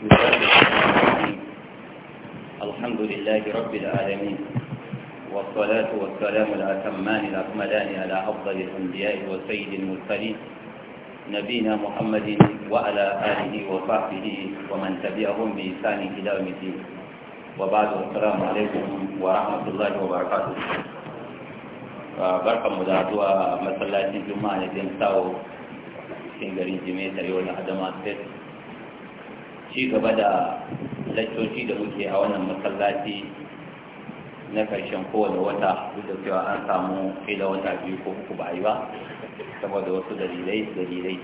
بسم الله الرحمن الرحيم الحمد لله رب العالمين والصلاة والسلام الأتمان الأكملان على أفضل الأنبياء وسيد المرسلين نبينا محمد وعلى آله وصحبه ومن تبعهم بإحسان إلى يوم الدين وبعد السلام عليكم ورحمة الله وبركاته barkan mu da zuwa masallacin juma'a da jin cikin garin jimaita yau na adama state ci gaba da lakcoci da muke a wannan masallaci na karshen kowane wata duk da cewa an samu kai da wata biyu ko uku ba yi ba saboda wasu dalilai dalilai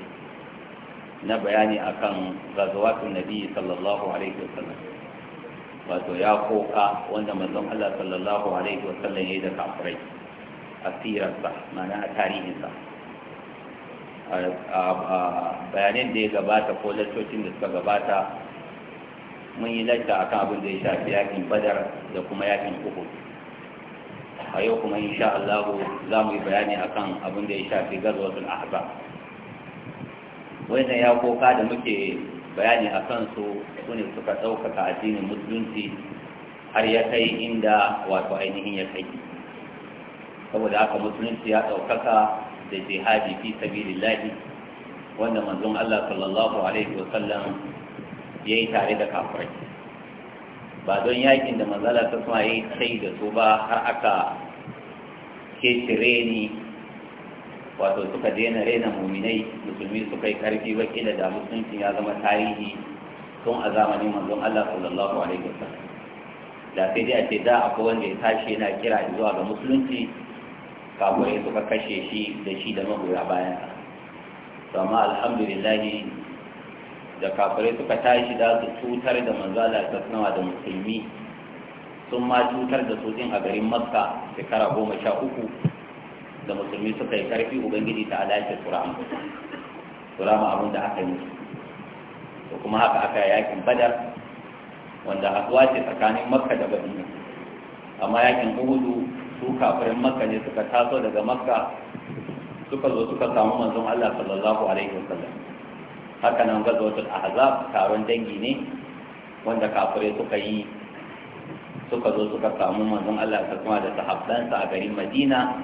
na bayani akan gazawatun nabi sallallahu alaihi wasallam wato ya koka wanda manzon Allah sallallahu alaihi wasallam ya yi da kafirai a mana a tarihinsa a bayanin da ya gabata ko lantocin da suka gabata mun yi a kan abin da ya shafi yakin badar da kuma yakin uku, a yau kuma insha Allah za mu yi bayani a kan abin da ya shafi sun ahzab wannan ya koka da muke bayani a kansu su ne suka ɗaukaka addinin musulunci har ya kai inda wato ainihin ya kai saboda haka musulunci ya ɗaukaka da jihadi fi sabilillahi wanda manzon Allah sallallahu alaihi sallam ya yi tare da kafirai ba don yakin da manzala ta suna ya yi da su ba har aka kece ni. wato suka daina rena muminai musulmi suka yi karfi wakila da musulunci ya zama tarihi tun a zamanin manzon Allah sallallahu alaihi wasallam da sai dai a ce da akwai wanda ya tashi yana kira zuwa ga musulunci kafirai suka kashe shi da shi da magoya bayan sa amma alhamdulillah da kafirai suka tashi da su cutar da manzala ta sanawa da musulmi sun ma cutar da su din a garin makka shekara goma sha uku da musulmi suka yi karfi ubangiji ta alaƙi turama turama abin da aka yi To kuma haka aka yi yakin badar wanda haɗuwa ce tsakanin makka da madina amma yakin uhudu su kafirin makka ne suka taso daga makka suka zo suka samu manzon allah sallallahu alaihi wasallam haka nan gazawatul ahazab, taron dangi ne wanda kafirai suka yi suka zo suka samu manzon Allah ta kuma da sahabbansa a garin Madina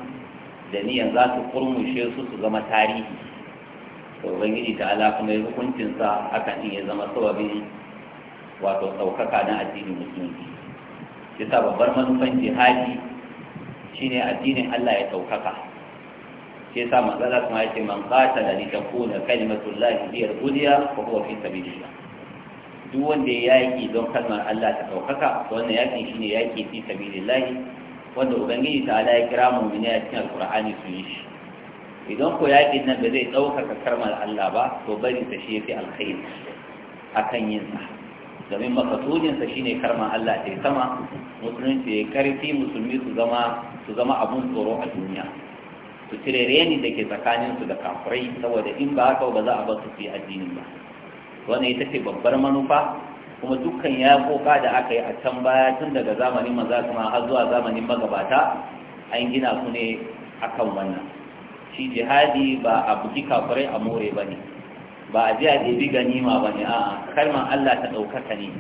da niyan za su kurmushe su su zama tarihi to ubangiji ta ala kuma hukuncin sa hakan ne ya zama sababin wato saukaka na addinin musulunci yasa babbar manufan jihadi shine addinin Allah ya saukaka shi yasa matsala kuma ce man da qatala li takuna kalimatullahi hiya biyar gudiya ko huwa fi sabilillah duk wanda ya yaki don kalmar Allah ta daukaka wannan shi ne yaƙi fi sabilillah wanda ubangiji ta ala ya kira mu'mini a cikin Alƙur'ani su yi shi idan ko yakin nan ba zai ɗaukaka kalmar Allah ba to bari ta shi yafi a kan yin sa domin makasudin shi ne kalmar Allah ta yi sama musulunci ya karfi musulmi su zama abun tsoro a duniya su tirereni da ke tsakaninsu da kakurai saboda in ba haka ba za a bar su fi addinin ba wannan ita ce babbar manufa kuma dukkan ya koka da aka yi a can baya tun daga zamanin maza kuma har zuwa zamanin magabata an gina su ne akan wannan shi jihadi ba a buki kafirai a more ba ne ba a ji a ɗebi ganima ba ne a'a kalmar allah ta ɗaukaka ne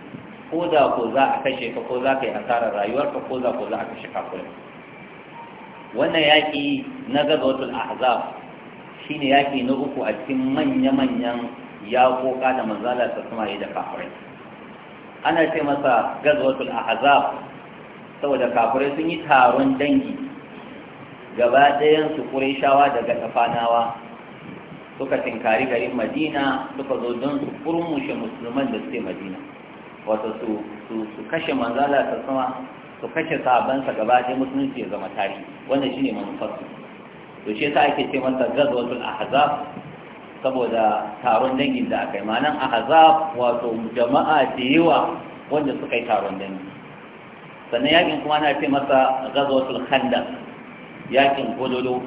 ko da ko za a kashe ka ko za ka yi asarar rayuwarka ko za ko za a kashe kafirai wannan yaƙi na gazawatul ahzab shine yaƙi na uku a cikin manya-manyan yaƙoƙa da manzala ta yi da kafirai ana ce masa gazawatul ahzab saboda kafirai sun yi taron dangi gaba ɗayan su ƙuraishawa daga tafanawa suka tinkari garin madina suka zo don su ƙurmushe musulman da suke madina wato su kashe manzala ta sama su kashe sabansa gaba ɗaya musulunci ya zama tarihi wannan shine manufar to shi yasa ake ce masa gazwatul ahzab saboda taron dangin da aka yi ma'anan ahzab wato jama'a da yawa wanda suka yi taron dangi sannan yakin kuma na ce masa gazwatul khandaq yakin gololo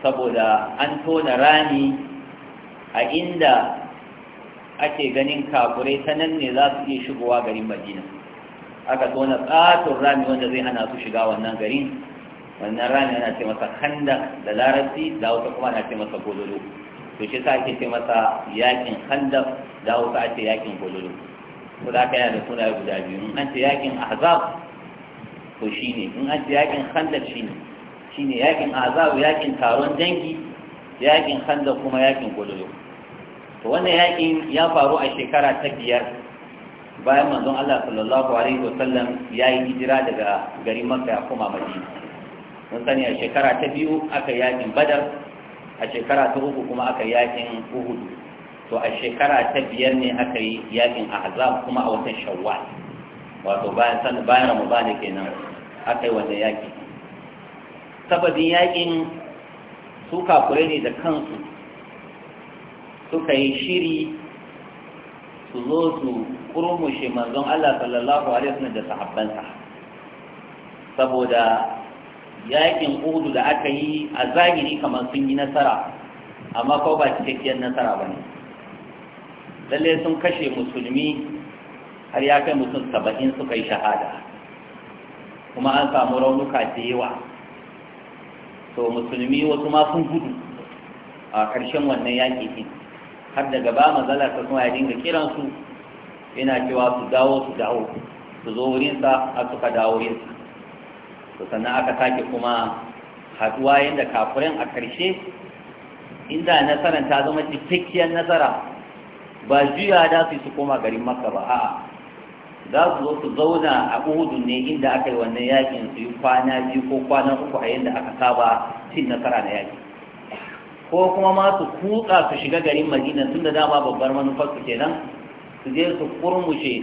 saboda an tona rami a inda ake ganin kafurai ta nan ne za su iya shigowa garin madina aka tona tsatun rami wanda zai hana su shiga wannan garin wannan rami yana ce masa handa da larabci da wata kuma na ce masa gololo to shi sa ake ce masa yakin handa da wata ake yakin gololo ko da ka yana da suna guda biyu in an ce yakin ko to ne in an ce yakin ne shi ne. yakin azab, yakin taron dangi yakin handa kuma yakin gololo to wannan yakin ya faru a shekara ta biyar bayan manzon Allah sallallahu alaihi wasallam ya yi hijira daga garin Makka ya koma Madina mun sani a shekara ta biyu aka yakin badar a shekara ta uku kuma aka yakin uhudu to a shekara ta biyar ne aka yi yakin ahzab kuma a watan shawwal wato bayan san bayan ramadan kenan aka yi wannan yaki sababin yakin su kafure ne da kansu suka yi shiri su zo su kurmushe manzon Allah sallallahu alaihi wasallam da sahabbansa saboda Yaƙin uhudu da aka yi a zahiri kamar sun yi nasara amma kawai ba cikakkiyar nasara ba ne Lallai sun kashe musulmi har ya kai mutum saba'in suka yi shahada kuma an samu raunuka da yawa to musulmi wasu ma sun gudu a ƙarshen wannan yaƙi ɗin har daga ba mazala ta suna ya dinga kiransu yana cewa su dawo su dawo su zo wurinsa a suka dawo wurinsa to sannan aka sake kuma haduwa yadda kafirin a ƙarshe, inda nasarar ta zama cikakkiyar nasara ba juya da su su koma garin makka ba a'a za su zo su zauna a uhudun ne inda aka yi wannan yakin su yi kwana biyu ko kwana uku a yadda aka saba cin nasara na yaki ko kuma ma su kutsa su shiga garin madina tun da dama babbar manufar su kenan su je su kurmushe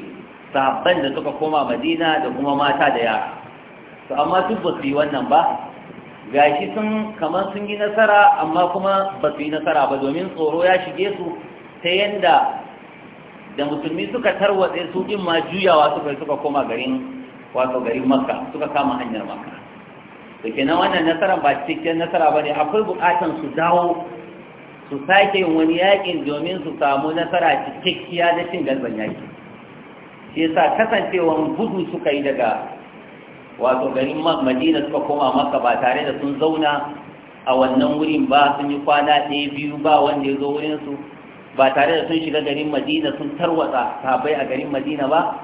sabbin da suka koma madina da kuma mata da yara to amma duk ba su yi wannan ba gashi sun kamar sun yi nasara amma kuma ba su yi nasara ba domin tsoro ya shige su ta yanda da musulmi suka tarwatsa su in ma juyawa suka suka koma garin wato garin makka suka kama hanyar makka da kenan wannan nasarar ba cikin nasara ba ne akwai bukatan su dawo su sake wani yakin domin su samu nasara cikakkiya da cin galban yaki shi yasa kasancewan gudu suka yi daga wato garin madina suka koma maka ba tare da sun zauna a wannan wurin ba sun yi kwana ɗaya biyu ba wanda ya zo wurinsu ba tare da sun shiga garin madina sun tarwatsa sabai a garin madina ba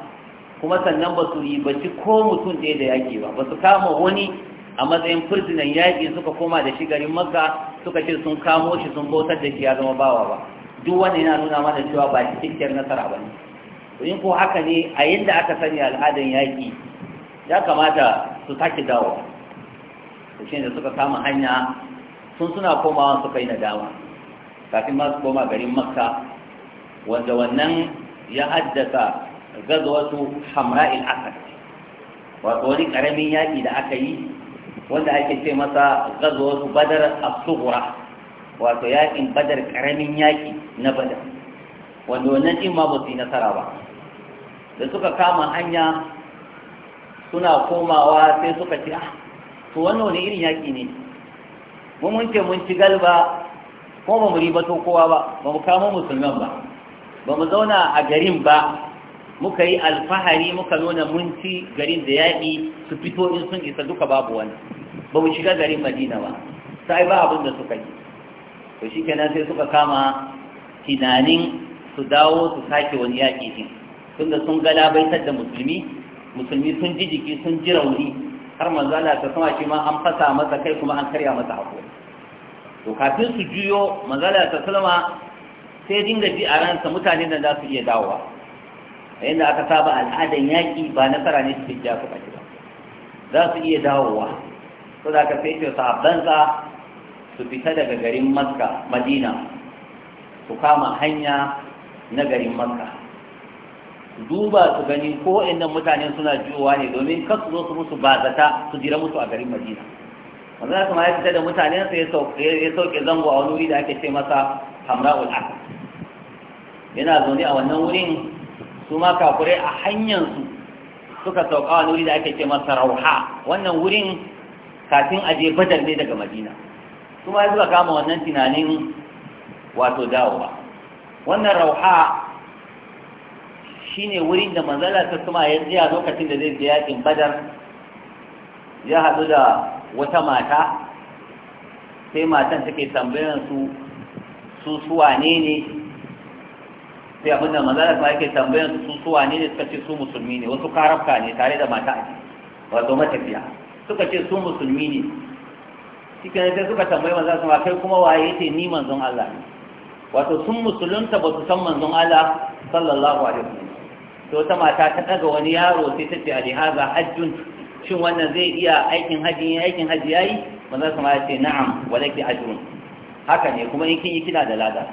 kuma sannan ba su bacci ko mutum ɗaya da yaƙi ba ba su kama wani a matsayin firzinan yaƙi suka koma da shi garin makka suka ce sun kamo shi sun bautar da shi ya zama bawa ba duk wanda yana nuna mana cewa ba cikakkiyar nasara ba ne in ko haka ne a yadda aka sani al'adar yaƙi ya kamata su sake dawo Da shi ne suka kama hanya sun suna komawa suka yi nadama kafin ma su koma garin makka wanda wannan ya haddasa gazawatu hamra'il asad wato wani karamin yaƙi da aka yi wanda ake ce masa gazawatu badar as wato yaƙin badar karamin yaƙi na badar wanda wannan din ma ba su yi nasara ba da suka kama hanya suna komawa sai suka ce ah to wannan wani irin yaƙi ne mun mun ce mun ci galba ko ba mu to kowa ba ba mu kamo musulman ba ba mu zauna a garin ba muka yi alfahari muka nuna mun ci garin da yaƙi su fito in sun isa duka babu wani ba mu shiga garin madina ba sai ba abin da suka yi to shi kenan sai suka kama tunanin su dawo su sake wani yaƙi din tunda sun galabaitar da musulmi musulmi sun ji jiki sun ji rauni har manzo ta sama shi ma an fasa masa kai kuma an karya masa hakuri to kafin su juyo manzo Allah ta sallama sai dinga ji a ransa mutane da za su iya dawowa a yadda aka saba al'adan yaƙi ba nasara ne cikin ja su ɓaci ba za su iya dawowa to da aka sai sahabbansa su fita daga garin maska madina su kama hanya na garin maska duba su gani ko wa'annan mutanen suna juwa ne domin kar su zo su musu bazata su jira musu a garin madina wanda kuma ya fita da mutanen sa ya sauke zango a wani wuri da ake ce masa hamra aqab yana zaune a wannan wurin su ma kafurai a hanyar su suka sauka wani wuri da ake ce masa rauha wannan wurin kafin a je badar ne daga madina Su ma ya zuba kama wannan tunanin wato dawowa wannan rauha shine wurin da manzala ta kuma ya tsaya lokacin da zai je yakin badar ya haɗu da wata mata sai matan take tambayar su su suwa ne ne sai abin da manzala ta yake tambayar su suwa ne ne suka ce su musulmi ne wasu karafka ne tare da mata ake wato matafiya suka ce su musulmi ne cikin sai suka tambayi manzala su ma kai kuma waye ce ni manzon Allah ne wato sun musulunta ba su san manzon Allah sallallahu alaihi wasallam to ta mata ta daga wani yaro sai ta ce a lihaza hajjun shin wannan zai iya aikin hajji aikin hajji yayi manzo sama ya ce na'am walaki ajrun haka ne kuma in kin yi kina da lada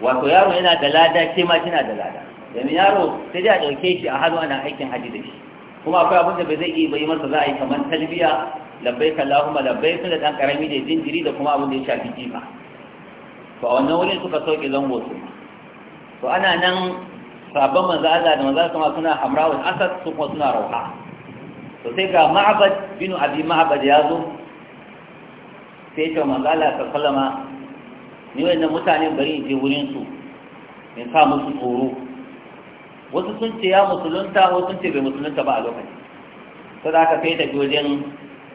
wato yaro yana da lada ke ma kina da lada domin yaro sai dai a dauke shi a hannu ana aikin hajji da shi kuma akwai abin da bai zai iya bai masa za a yi kamar talbiya labbaik allahumma labbaik da dan karami da jinjiri da kuma abin da ya shafi jifa to a wannan wurin suka sauke zango su to ana nan sabon manza Allah da manzo kuma suna hamrawul asad su kuma suna rauha to sai ga ma'abad bin abi ma'abad ya zo sai ce manzo Allah kallama ni wannan mutanen bari in je wurin su in sa musu tsoro wasu sun ce ya musulunta wasu sun ce bai musulunta ba a lokaci to da aka kai ta wajen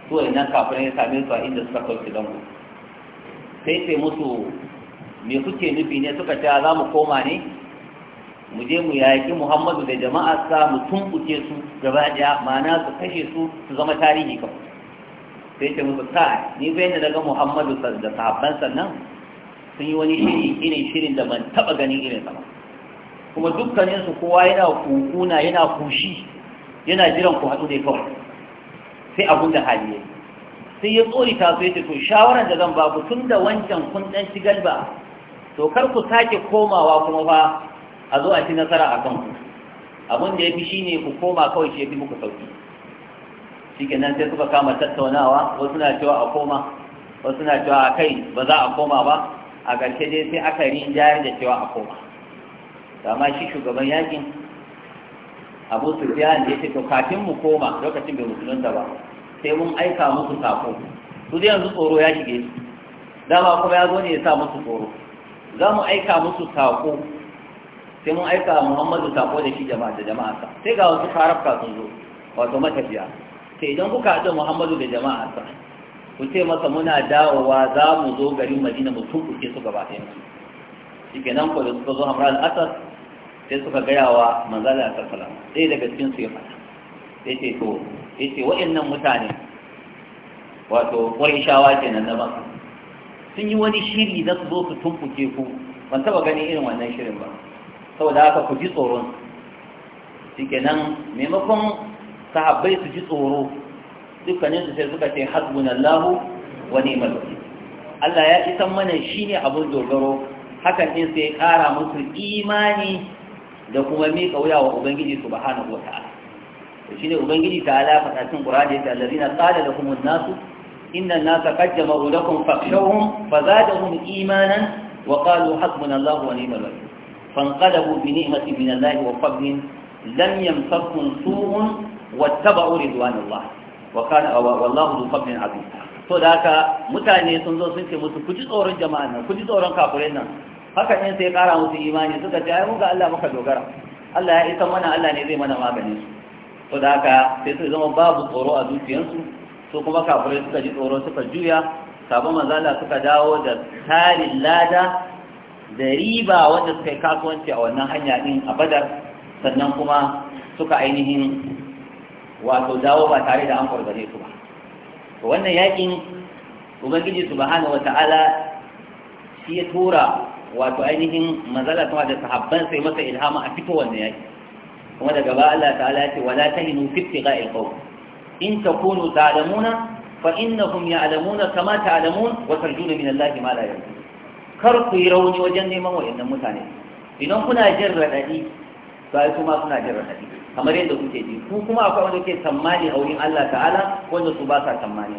su wayannan kafirai ya same su a inda suka kauce zango sai ce musu me kuke nufi ne suka ce za mu koma ne mu je mu yaƙi muhammadu da jama'arsa mu tumɓuke su gaba ɗaya ma'ana su kashe su su zama tarihi kawai sai ce musu ta ni bai yadda daga muhammadu da sahabban sannan sun yi wani shiri irin shirin da ban taɓa ganin irin sama kuma dukkaninsu kowa yana kukuna yana kushi yana jiran ku haɗu ne kawai sai abun da hali ya sai ya tsori ta su ya ce to shawarar da zan ba ku tun da wancan kun ɗan shigar ba to kar ku sake komawa kuma fa a zo a ci nasara a kanku abin da ya fi shine ku koma kawai shi ya fi muku sauki shi nan sai suka kama tattaunawa wasu na cewa a koma wasu na cewa a kai ba za a koma ba a ƙarshe dai sai aka jari da cewa a koma amma shi shugaban yakin abu su da ya ce to kafin mu koma lokacin bai da ba sai mun aika musu sako su zai yanzu tsoro ya shige dama kuma ya zo ne ya sa musu tsoro za mu aika musu sako sai mun aika muhammadu sako da shi jama'a da jama'a sai ga wasu karafka sun zo wato matafiya sai idan kuka haɗa muhammadu da jama'a ku ce masa muna dawowa za mu zo garin madina mu tunkuke su gaba ɗayan yanzu, shi kenan ko da suka zo hamra al'asar sai suka gaya wa manzala a salama ɗaya daga cikin su ya fata, ya ce to ya ce wa'annan mutane wato shawa kenan na sun yi wani shiri na su zo su tunkuke ku ban taɓa ganin irin wannan shirin ba saboda haka ku ji tsoron shikenan maimakon sahabbai su ji tsoro dukkanin su sai suka ce hasbunallahu wa ni'mal wakil Allah ya isan mana shine abun dogaro hakan din sai kara musu imani da kuma miƙa wuya wa ubangiji subhanahu wata'ala to shine ubangiji ta faɗa cikin qur'ani da allazina qala lakum an-nasu inna an-nasa qad jama'u lakum fakhshawhum fazadahum imanan wa qalu hasbunallahu wa ni'mal wakil فانقلبوا بنعمة من الله وفضل لم يمسكهم سوء واتبعوا رضوان الله وكان والله ذو فضل عظيم to da haka mutane sun zo sun ce musu ku ji tsoron jama'a nan ku ji tsoron kafirai nan haka ne sai kara musu imani suka ce ai muka Allah muka dogara Allah ya isa mana Allah ne zai mana maganin su to da haka sai su zama babu tsoro a zuciyarsu su kuma kafirai suka ji tsoro suka juya sabon manzala suka dawo da tarin lada da riba wanda suka yi kasuwanci a wannan hanya din a badar sannan kuma suka ainihin wato dawo ba tare da an kwargare su ba to wannan yakin ubangiji subhanahu wata'ala shi ya tura wato ainihin manzala kuma da sahabban sai masa ilhama a fito wannan yaki kuma daga ba Allah ta'ala ya ce wala tahinu fi tiqa'il qawm in takunu ta'lamuna fa innahum ya'lamuna kama ta'lamun wa tarjuna min Allah ma la yarjun kar ku yi rauni wajen neman wa'annan mutane idan kuna jin raɗaɗi ba su ma suna jin raɗaɗi kamar yadda kuke ji ku kuma akwai wanda ke tsammani a wurin Allah ta'ala wanda su ba sa tsammani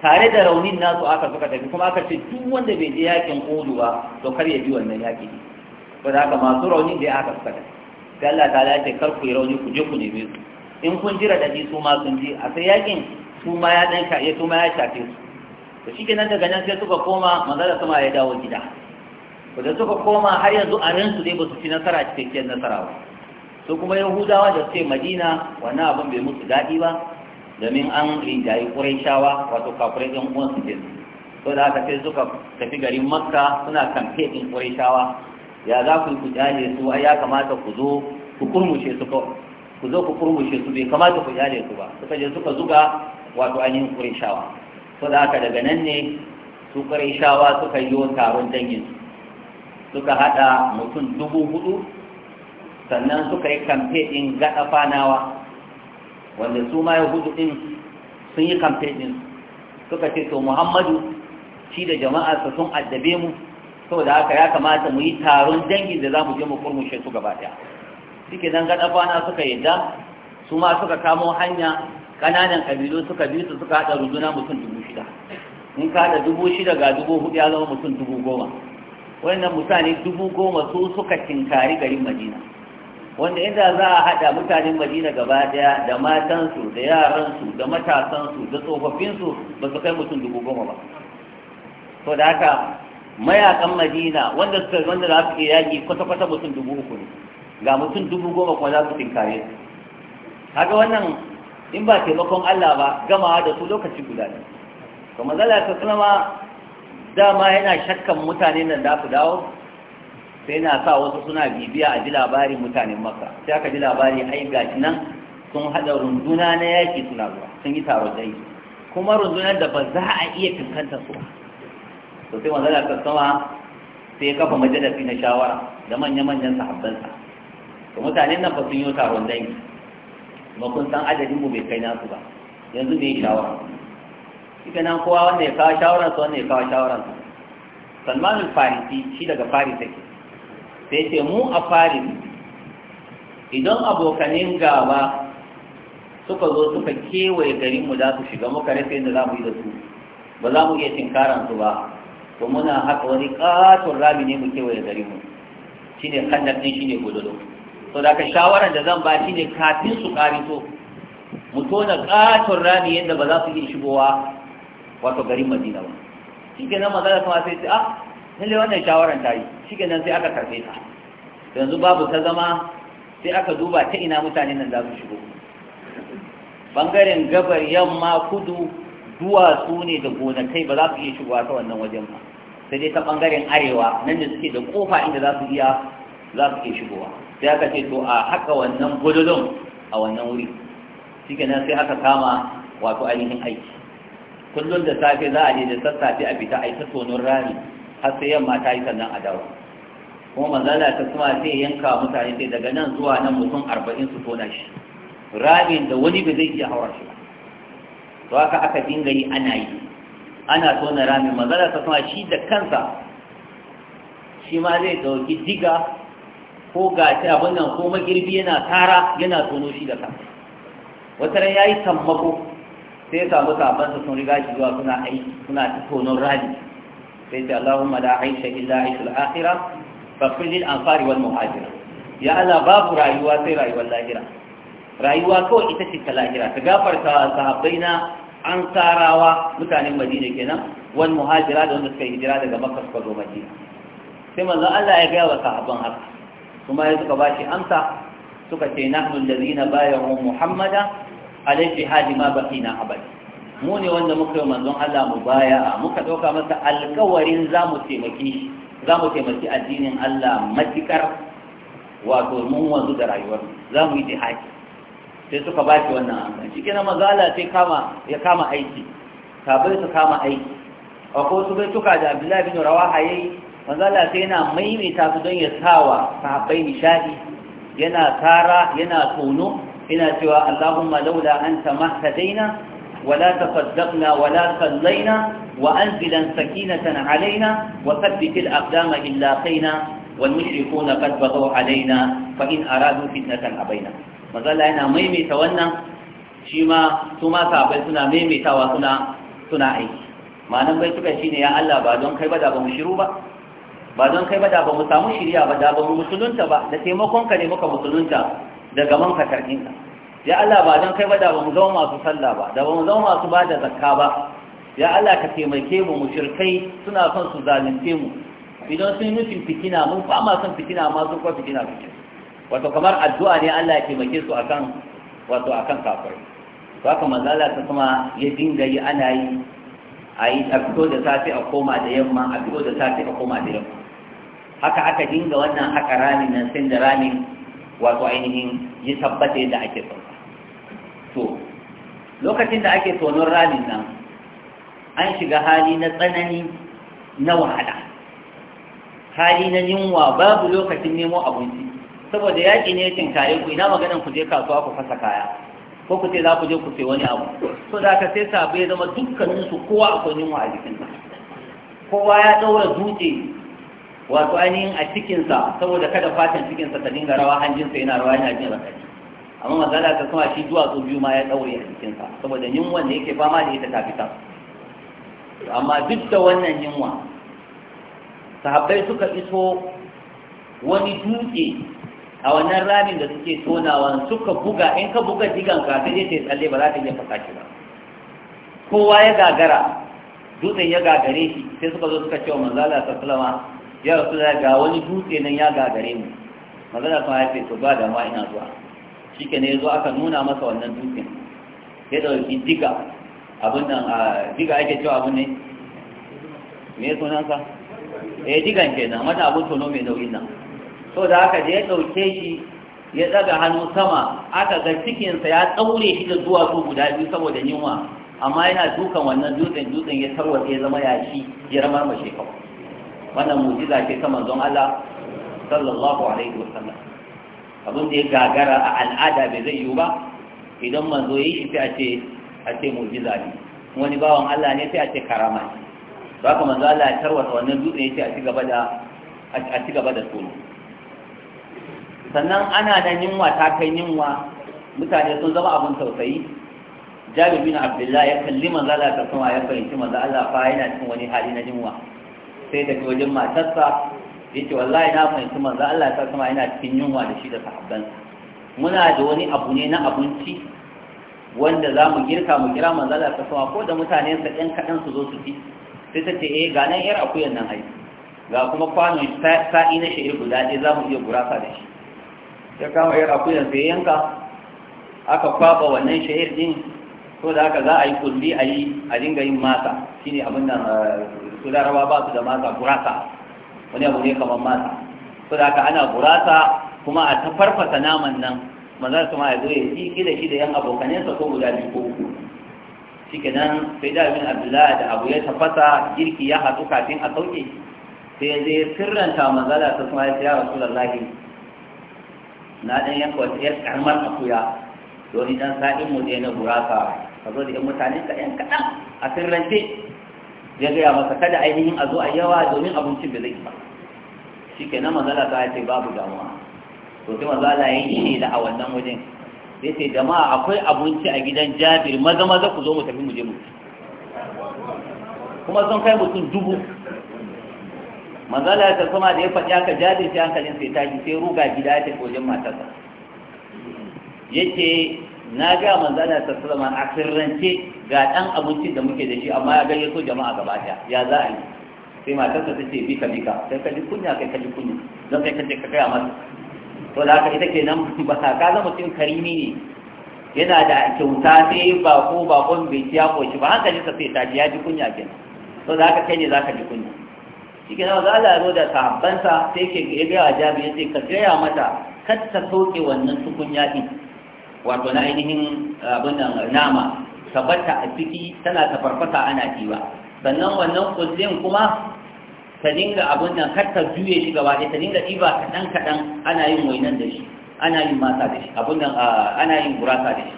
tare da raunin nasu aka suka tafi kuma aka ce duk wanda bai je yakin ƙudu ba to kar ya bi wannan ne ko da haka masu raunin da aka suka tafi sai Allah ta'ala ya ce kar ku yi rauni ku je ku neme su in kun ji raɗaɗi su ma sun ji a sai yakin su ma ya ɗan su ma ya shafe su to shi nan daga nan sai suka koma da sama ya dawo gida da suka koma har yanzu a su dai ba su ci nasara cikakken nasara ba su kuma yahudawa da suke madina wannan abin bai musu daɗi ba domin an rinjayi ƙuraishawa wato kafirai ɗan uwan su ke so da haka sai suka tafi garin makka suna kamfe ɗin ƙuraishawa ya za ku ku jale su ai ya kamata ku zo ku kurmushe su ko ku zo ku kurmushe su bai kamata ku jale su ba suka je suka zuga wato ainihin ƙuraishawa so haka daga nan ne su shawa suka yi taron dangin suka haɗa mutum dubu hudu sannan suka yi kamfeɗin gaɗa fanawa wanda su ma hudu ɗin sun yi kamfe suka ce to muhammadu shi da jama'arsa sun addabe mu saboda haka ya kamata mu yi taron dangin da za mu je mu kurmushe su gaba ɗaya suke nan gaɗa fana suka da su ma suka kamo hanya ƙananan ƙabilu suka bi su suka haɗa runduna mutum dubu shida in ka da dubu shida ga dubu hudu ya zama mutum dubu goma wannan mutane dubu goma su suka tinkari garin madina wanda inda za a haɗa mutanen madina gaba ɗaya da matansu da yaransu da matasansu da tsofaffinsu ba su kai mutum dubu goma ba to da haka mayakan madina wanda suka wanda za su iya yaƙi kwata-kwata mutum dubu uku ne ga mutum dubu goma kuma za su tinkare su haka wannan in ba taimakon allah ba gamawa da su lokaci guda ne to mazala ta sunama dama yana shakkan mutane nan da su dawo sai na sa wasu suna bibiya a ji labarin mutanen maka sai aka ji labari ai gashi nan sun haɗa runduna na yaƙi suna zuwa sun yi taro dai kuma rundunar da ba za a iya kankanta su to sai mazala ta sunama sai ya kafa majalafi na shawara da manya-manyan sahabbansa to mutanen nan ba sun yi taron dai ba kun san adadin mu bai kai nasu ba yanzu ne shawara shi nan kowa wanda ya kawo shawararsa wanda ya kawo shawararsa salman al-farisi shi daga faris take sai ce mu a faris idan abokanin gaba suka zo suka kewaye garinmu za su shiga muka rufe yadda za mu yi da su ba za mu iya tinkaransu ba to muna haka wani katon rami ne mu kewaye garinmu shi ne kandar ɗin shi ne gudulo to da ka shawarar da zan ba shi ne kafin su ƙarito mu tona katon rami yadda ba za su iya shigowa wato garin madina ba shi ke nan magana kuma sai ce ah lalle wannan shawaran ta yi shi ke nan sai aka karfe ta yanzu babu ta zama sai aka duba ta ina mutane nan za su shigo bangaren gabar yamma kudu duwatsu ne da gonakai ba za su iya shigowa ta wannan wajen ba sai dai ta bangaren arewa nan da suke da kofa inda za su iya za su iya shigowa sai aka ce to a haka wannan gudulun a wannan wuri shi ke nan sai aka kama wato ainihin aiki kullum da safe za a je da sassafe a fita a yi ta rami har sai yamma ta yi sannan a dawo kuma manzala ta kuma ya yanka mutane sai daga nan zuwa nan mutum arba'in su tona shi ramin da wani ba zai iya hawa shi ba to haka aka dinga yi ana yi ana tona ramin manzala ta kuma shi da kansa shi ma zai dauki diga ko gashi abin nan ko magirbi yana tara yana tono shi da kansa wata ran ya yi sammako sai samu sabansa sun riga shi zuwa suna aiki suna tonon rani sai ce Allahumma la aisha illa aishul akhirah fa kulli al-anfari wal muhajira ya Allah babu rayuwa sai rayuwar lahira rayuwa kawai ita ce ta lahira ta gafarta sahabbaina an tsarawa mutanen madina kenan wal muhajira da wanda suka hijira daga makka suka zo madina sai manzo Allah ya gaya wa sahabban haka kuma ya suka bashi amsa suka ce nahnu allazina bayahu muhammada alai jihadi ma baqina abadi mu ne wanda muka yi manzon Allah mu baya muka dauka masa alkawarin zamu taimaki zamu taimaki addinin Allah matikar wato mun wanzu da rayuwar zamu yi jihadi sai suka baki wannan amsa shikenan manzo Allah sai kama ya kama aiki kafin su kama aiki akwai wasu bai tuka da Abdullahi bin Rawaha yayi manzo Allah sai yana maimaita su don ya sawa sahabbai nishadi yana tara yana tono ina cewa Allahumma laula anta mahtadaina wala tafaddaqna wala sallaina wa anzilan sakinatan alaina wa thabbit al-aqdama illa qaina wal mushrikuuna qad baghaw alaina fa in aradu fitnatan abaina mazalla yana maimaita wannan shi ma su ma sahabbai suna maimaitawa suna suna aiki ma'anan bai suka shine ya Allah ba don kai ba da ba mu shiru ba ba don kai ba da ba mu samu shirya ba da ba mu musulunta ba da taimakon ka ne muka musulunta Daga gaban ka karɓi ka ya Allah ba don kai ba da ba mu zama masu sallah ba da ba mu zama masu ba da zakka ba ya Allah ka taimake mu shirkai suna son su zalunce mu idan sun yi nufin fitina mun fama son fitina ma sun kuwa fitina fitina wato kamar addu'a ne Allah ya taimake su akan wato akan kafirai to haka Allah ta kuma ya dinga yi ana yi a yi a fito da safe a koma da yamma a fito da safe a koma da yamma haka aka dinga wannan haka ramin nan sai da ramin wato ainihin yi tabbata yadda ake son to lokacin da ake tonon ramin nan an shiga hali na tsanani na wahala hali na yunwa babu lokacin nemo abinci saboda yaƙi ne tinkare ku ina maganan ku je kasuwa ku fasa kaya ko ku ce za ku je ku sai wani abu so da aka sai sabu ya zama dukkaninsu kowa akwai yunwa a jikin kowa ya ɗaura dutse wato ainihin a cikinsa saboda kada fatan cikinsa ta dinga rawa hanjinsa yana rawa yana jin raɗaɗi amma magana ta kuma shi duwatsu biyu ma ya ɗaure a cikinsa saboda yunwan da yake fama da ita ta fita amma duk da wannan yunwa sahabbai suka iso wani dutse a wannan ramin da suke tonawa suka buga in ka buga digan ka sai dai tsalle ba za ta iya fasa ba kowa ya gagara dutsen ya gagare shi sai suka zo suka ce wa manzala sallama ya rasu da ga wani dutse nan ya gagare mu. magana sun haife to ba da ma ina zuwa shi ke ne zo aka nuna masa wannan dutse ya dauki diga abin nan a diga ake cewa abin ne me ya sunansa eh digan ke nan mata abin tono mai nauyin nan so da aka je ya dauke shi ya daga hannu sama aka ga cikinsa ya daure shi da zuwa duwatsu guda biyu saboda yunwa amma yana dukan wannan dutsen dutsen ya tarwatsa ya zama yashi ya ramar mashekawa wannan mu'jiza ce ta manzon Allah sallallahu alaihi wasallam abin da ya gagara a al'ada bai zai yiwu ba idan manzo yi shi sai a ce a ce mu'jiza ne wani bawan Allah ne sai a ce karama ne to haka manzo Allah ya tarwata wannan dutsen ya ce a ci gaba da a ci gaba da tsoro sannan ana da yunwa ta kai yunwa mutane sun zama abin tausayi jabir bin abdullahi ya kalli manzo Allah ta kuma ya fahimci manzo Allah fa yana cikin wani hali na yinwa. sai daga wajen matarsa ce wallahi na fahimci manzo Allah ya sa ina cikin yunwa da shi da sahabban muna da wani abu ne na abinci wanda za mu girka mu kira manzo Allah ya sama ko da mutane sa ɗan kaɗan su zo su ci sai ta ce eh ga nan yar akuyan nan ai ga kuma kwanon sa'i na sha'ir guda ɗaya za mu iya gurasa da shi ya kama yar akuyan sai yanka aka kwaba wannan sha'ir din ko da haka za a yi kulli a yi a dinga yin masa shine abin nan to larawa ba su da masa gurasa wani abu ne kamar masa to da ana burasa kuma a ta farfasa naman nan maza su ma ya zo ya ci kila shi da yan abokanensa ko guda biyu ko uku shi nan sai da abin abdullahi da abu ya tafasa girki ya haɗu kafin a sauke sai ya je sirranta mazala ta kuma ya ya rasu lallahi na ɗan yanka wata yar karmar akuya don idan sa'in mu ne na gurasa ka zo da yan mutane ka yan kaɗan a sirrance ya gaya masa kada ainihin a zo a yawa domin abincin da zai ba shi ke nan mazala ta ce babu damuwa to sai mazala ya yi da a wannan wajen ya ce jama'a akwai abinci a gidan jabir maza maza ku zo mu tafi mu je mu kuma sun kai mutum dubu mazala ta kuma da ya faɗi aka jabir sai hankalin sai tashi sai ruga gida ya tafi wajen matarsa ya na ga da ta sallama a sirrance ga dan abincin da muke da shi amma ya gayyato jama'a gaba daya ya za a yi sai matarsa ta ce bika bika sai ka ji kunya kai ka ji kunya don kai ka ce ka kai masa to da haka ita kenan ba ka ga mutum karimi ne yana da kyauta sai ba ko ba kon bai tiya ko shi ba sa sai ta ji ya ji kunya kenan to da haka kai ne ka ji kunya shi ke a zo da sahabbansa sai ke gaya wa ya sai ka gaya mata kar ta soke wannan tukun yaƙi wato na ainihin eh, abin nama tabbata a ciki tana tafarfasa ana ci ba sannan wannan kullin kuma ta dinga abin nan kar ta juye shi gaba ɗaya ta dinga ɗiba kaɗan kaɗan ana yin wainan da shi ana yin masa da shi abin nan ana yin gurasa da shi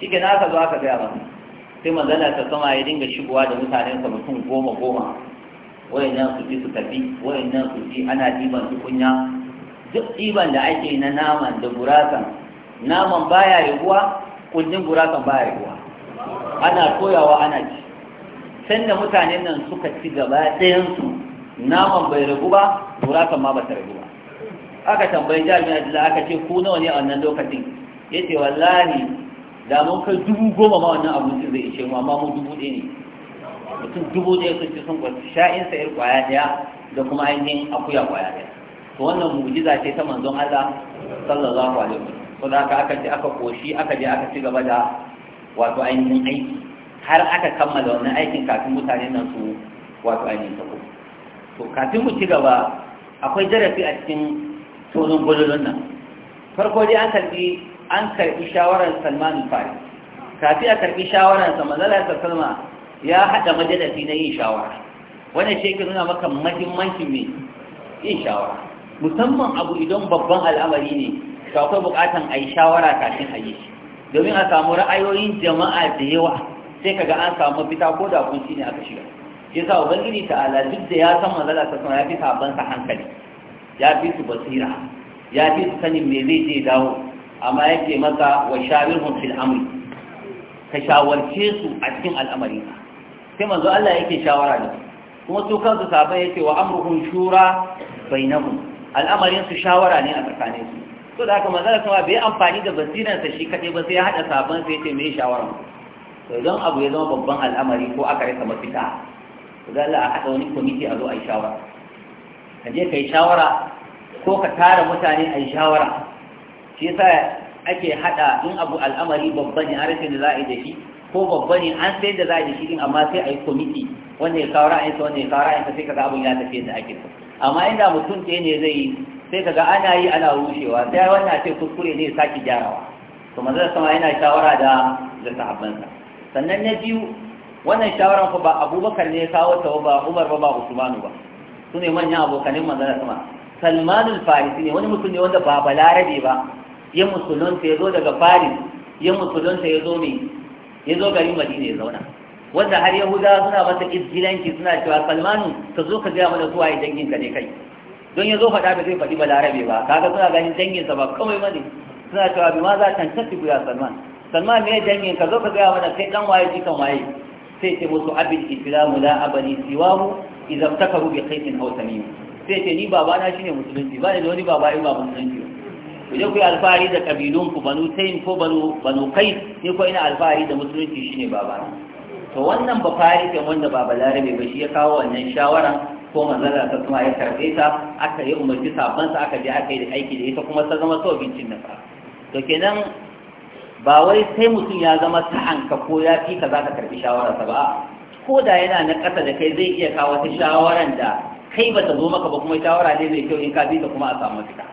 shi ke aka zo aka gaya ba sai manzana ta sama ya dinga shigowa da mutanen sa mutum goma goma wayannan su ji su tafi wayannan su ji ana ɗiban tukunya duk ɗiban da ake na naman da gurasan naman baya riguwa kundin burakan baya riguwa ana toyawa ana ci san da mutanen nan suka ci gaba ɗayansu naman bai rubu ba burakan ma ba ta rigu ba aka tambayi jami'a da aka ce ku nawa ne a wannan lokacin ya ce wallahi da mun kai dubu goma ma wannan abincin zai ishe mu amma mu dubu ɗaya ne mutum dubu ɗaya sun ci sun kwanci sha'in sayar kwaya ɗaya da kuma ainihin akuya kwaya ɗaya to wannan mu'jiza ce ta manzon Allah sallallahu alaihi wasallam so za ka aka ce aka koshi aka je aka ci gaba da wato ainihin aiki har aka kammala wannan aikin kafin mutane nan su wato ainihin sako to kafin mu ci gaba akwai jarafi a cikin tonon gwalolon nan farko dai an karbi an karbi shawarar salman fari kafin a karbi shawarar sa manzala ta salma ya haɗa majalisi na yin shawara Wani shi yake nuna maka mahimmancin mai yin shawara musamman abu idan babban al'amari ne akwai bukatan a yi shawara kafin a yi shi domin a samu ra'ayoyin jama'a da yawa sai kaga an samu fita ko da kunci ne aka shiga shi yasa ubangiji ta'ala duk da ya san manzala ta ya fi sabansa hankali ya fi su basira ya fi su sanin me zai je dawo amma yake masa wa shawirhum fil amri ka shawarce su a cikin al'amari sai manzo Allah yake shawara da kuma su kansu sahabbai yake wa amruhum shura bainahum al'amarin su shawara ne a tsakanin su so da haka manzara sama bai amfani da basiransa shi kaɗai ba sai ya haɗa sabon sai ce mai shawara to idan abu ya zama babban al'amari ko aka rasa mafita to za a haɗa wani kwamiti a zo a yi shawara ka je ka yi shawara ko ka tara mutane a yi shawara shi yasa ake haɗa in abu al'amari babban ne an rasa da za a yi da shi ko babba ne an sayar da za a yi da shi din amma sai a yi kwamiti wanda ya kawo ra'ayinsa wanda ya kawo ra'ayinsa sai ka ga abin ya tafi yadda ake so amma inda mutum ɗaya ne zai yi. sai kaga ana yi ana rushewa sai wannan ce kuskure ne saki gyarawa to manzon sama yana shawara da da sahabbansa sannan na biyu wannan shawaran ku ba abubakar ne ya kawo ta ba umar ba ba usmanu ba su ne manyan abokanin manzon sama al farisi ne wani mutum ne wanda ba balarabe ba ya musulun ya zo daga faris ya musulun ya zo ne yazo garin madina ya zauna wanda har yahudawa suna masa izgilanci suna cewa salmanu ka zo ka gaya mana zuwa ya dangin ne kai don ya zo faɗa da zai faɗi balarabe ba kaga suna ganin danginsa ba kawai ba suna cewa bi ma za ta tafi guya salman salman ne dangin ka zo ka gaya mana kai dan waye jikan waye sai ce musu abin islamu la abani siwahu idan takaru bi khaytin aw tamim sai ce ni baba na shine musulunci ba ne da wani baba ba musulunci ku je ku yi alfahari da kabilun ku banu tayin ko banu banu kai ni ko ina alfahari da musulunci shine baba to wannan ba farike wanda baba larabe ba shi ya kawo wannan shawara ko manzala ta kuma ya karɓe ta aka yi umarci sabansa aka je aka yi da aiki da ita kuma ta zama sau bincin nasa to kenan ba wai sai mutum ya zama sa'anka ko ya fi ka za ka karɓi shawararsa ba ko da yana na ƙasa da kai zai iya kawo ta shawaran da kai ba ta zo maka ba kuma shawara ne mai kyau in ka bi ta kuma a samu fita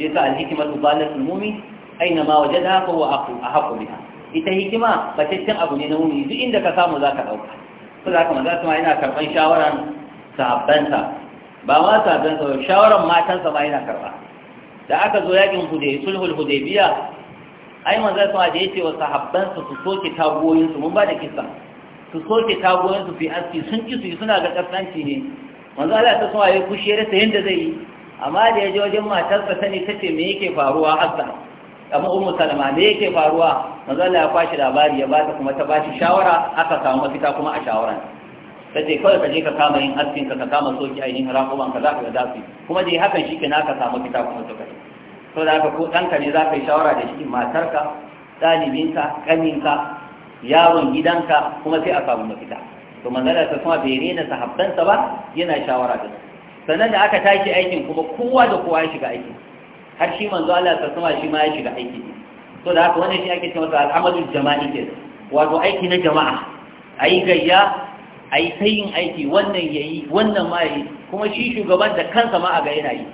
sai sa alhikimatu balatul mumin aina ma wajadaha fa huwa a biha ita hikima ba taccen abu ne na mumi, duk inda ka samu za zaka dauka ko zaka manzo kuma ina karɓan shawaran sabanta ba ma ba shawaran matansa ba yana karba da aka zo yakin hude sulhul hudaybiya ai manzo sai ya ce wa sahabban su soke tagoyin su mun ba da kissa su soke tagoyin su fi aski sun ki su suna ga kasanci ne manzo Allah ta sa ya kushe rasa yanda zai yi amma da ya je wajen matarsa ta ne tace me yake faruwa hasa amma ummu salama me yake faruwa manzo Allah ya kwashi labari ya ba ta kuma ta ba shi shawara aka samu mafita kuma a shawaran Ka je kawai ka je ka kama yin askin ka kama soki ainihin rakuman ka za ka ga su kuma dai hakan shi ke naka samu fita kuma suka yi to da haka ko ɗanka ne za ka yi shawara da shi matarka ɗalibinka ƙaninka yaron gidanka kuma sai a samu mafita to manzala ta kuma bai rena sahabbansa ba yana shawara da su sannan da aka tashi aikin kuma kowa da kowa ya shiga aiki har shi manzo Allah ta kuma shi ma ya shiga aiki to da haka wannan shi ake cewa al'amalul jama'i ke wato aiki na jama'a ayi gayya a yi ta yin aiki wannan ya yi wannan ma ya yi kuma shi shugaban da kansa ma a ga yana yi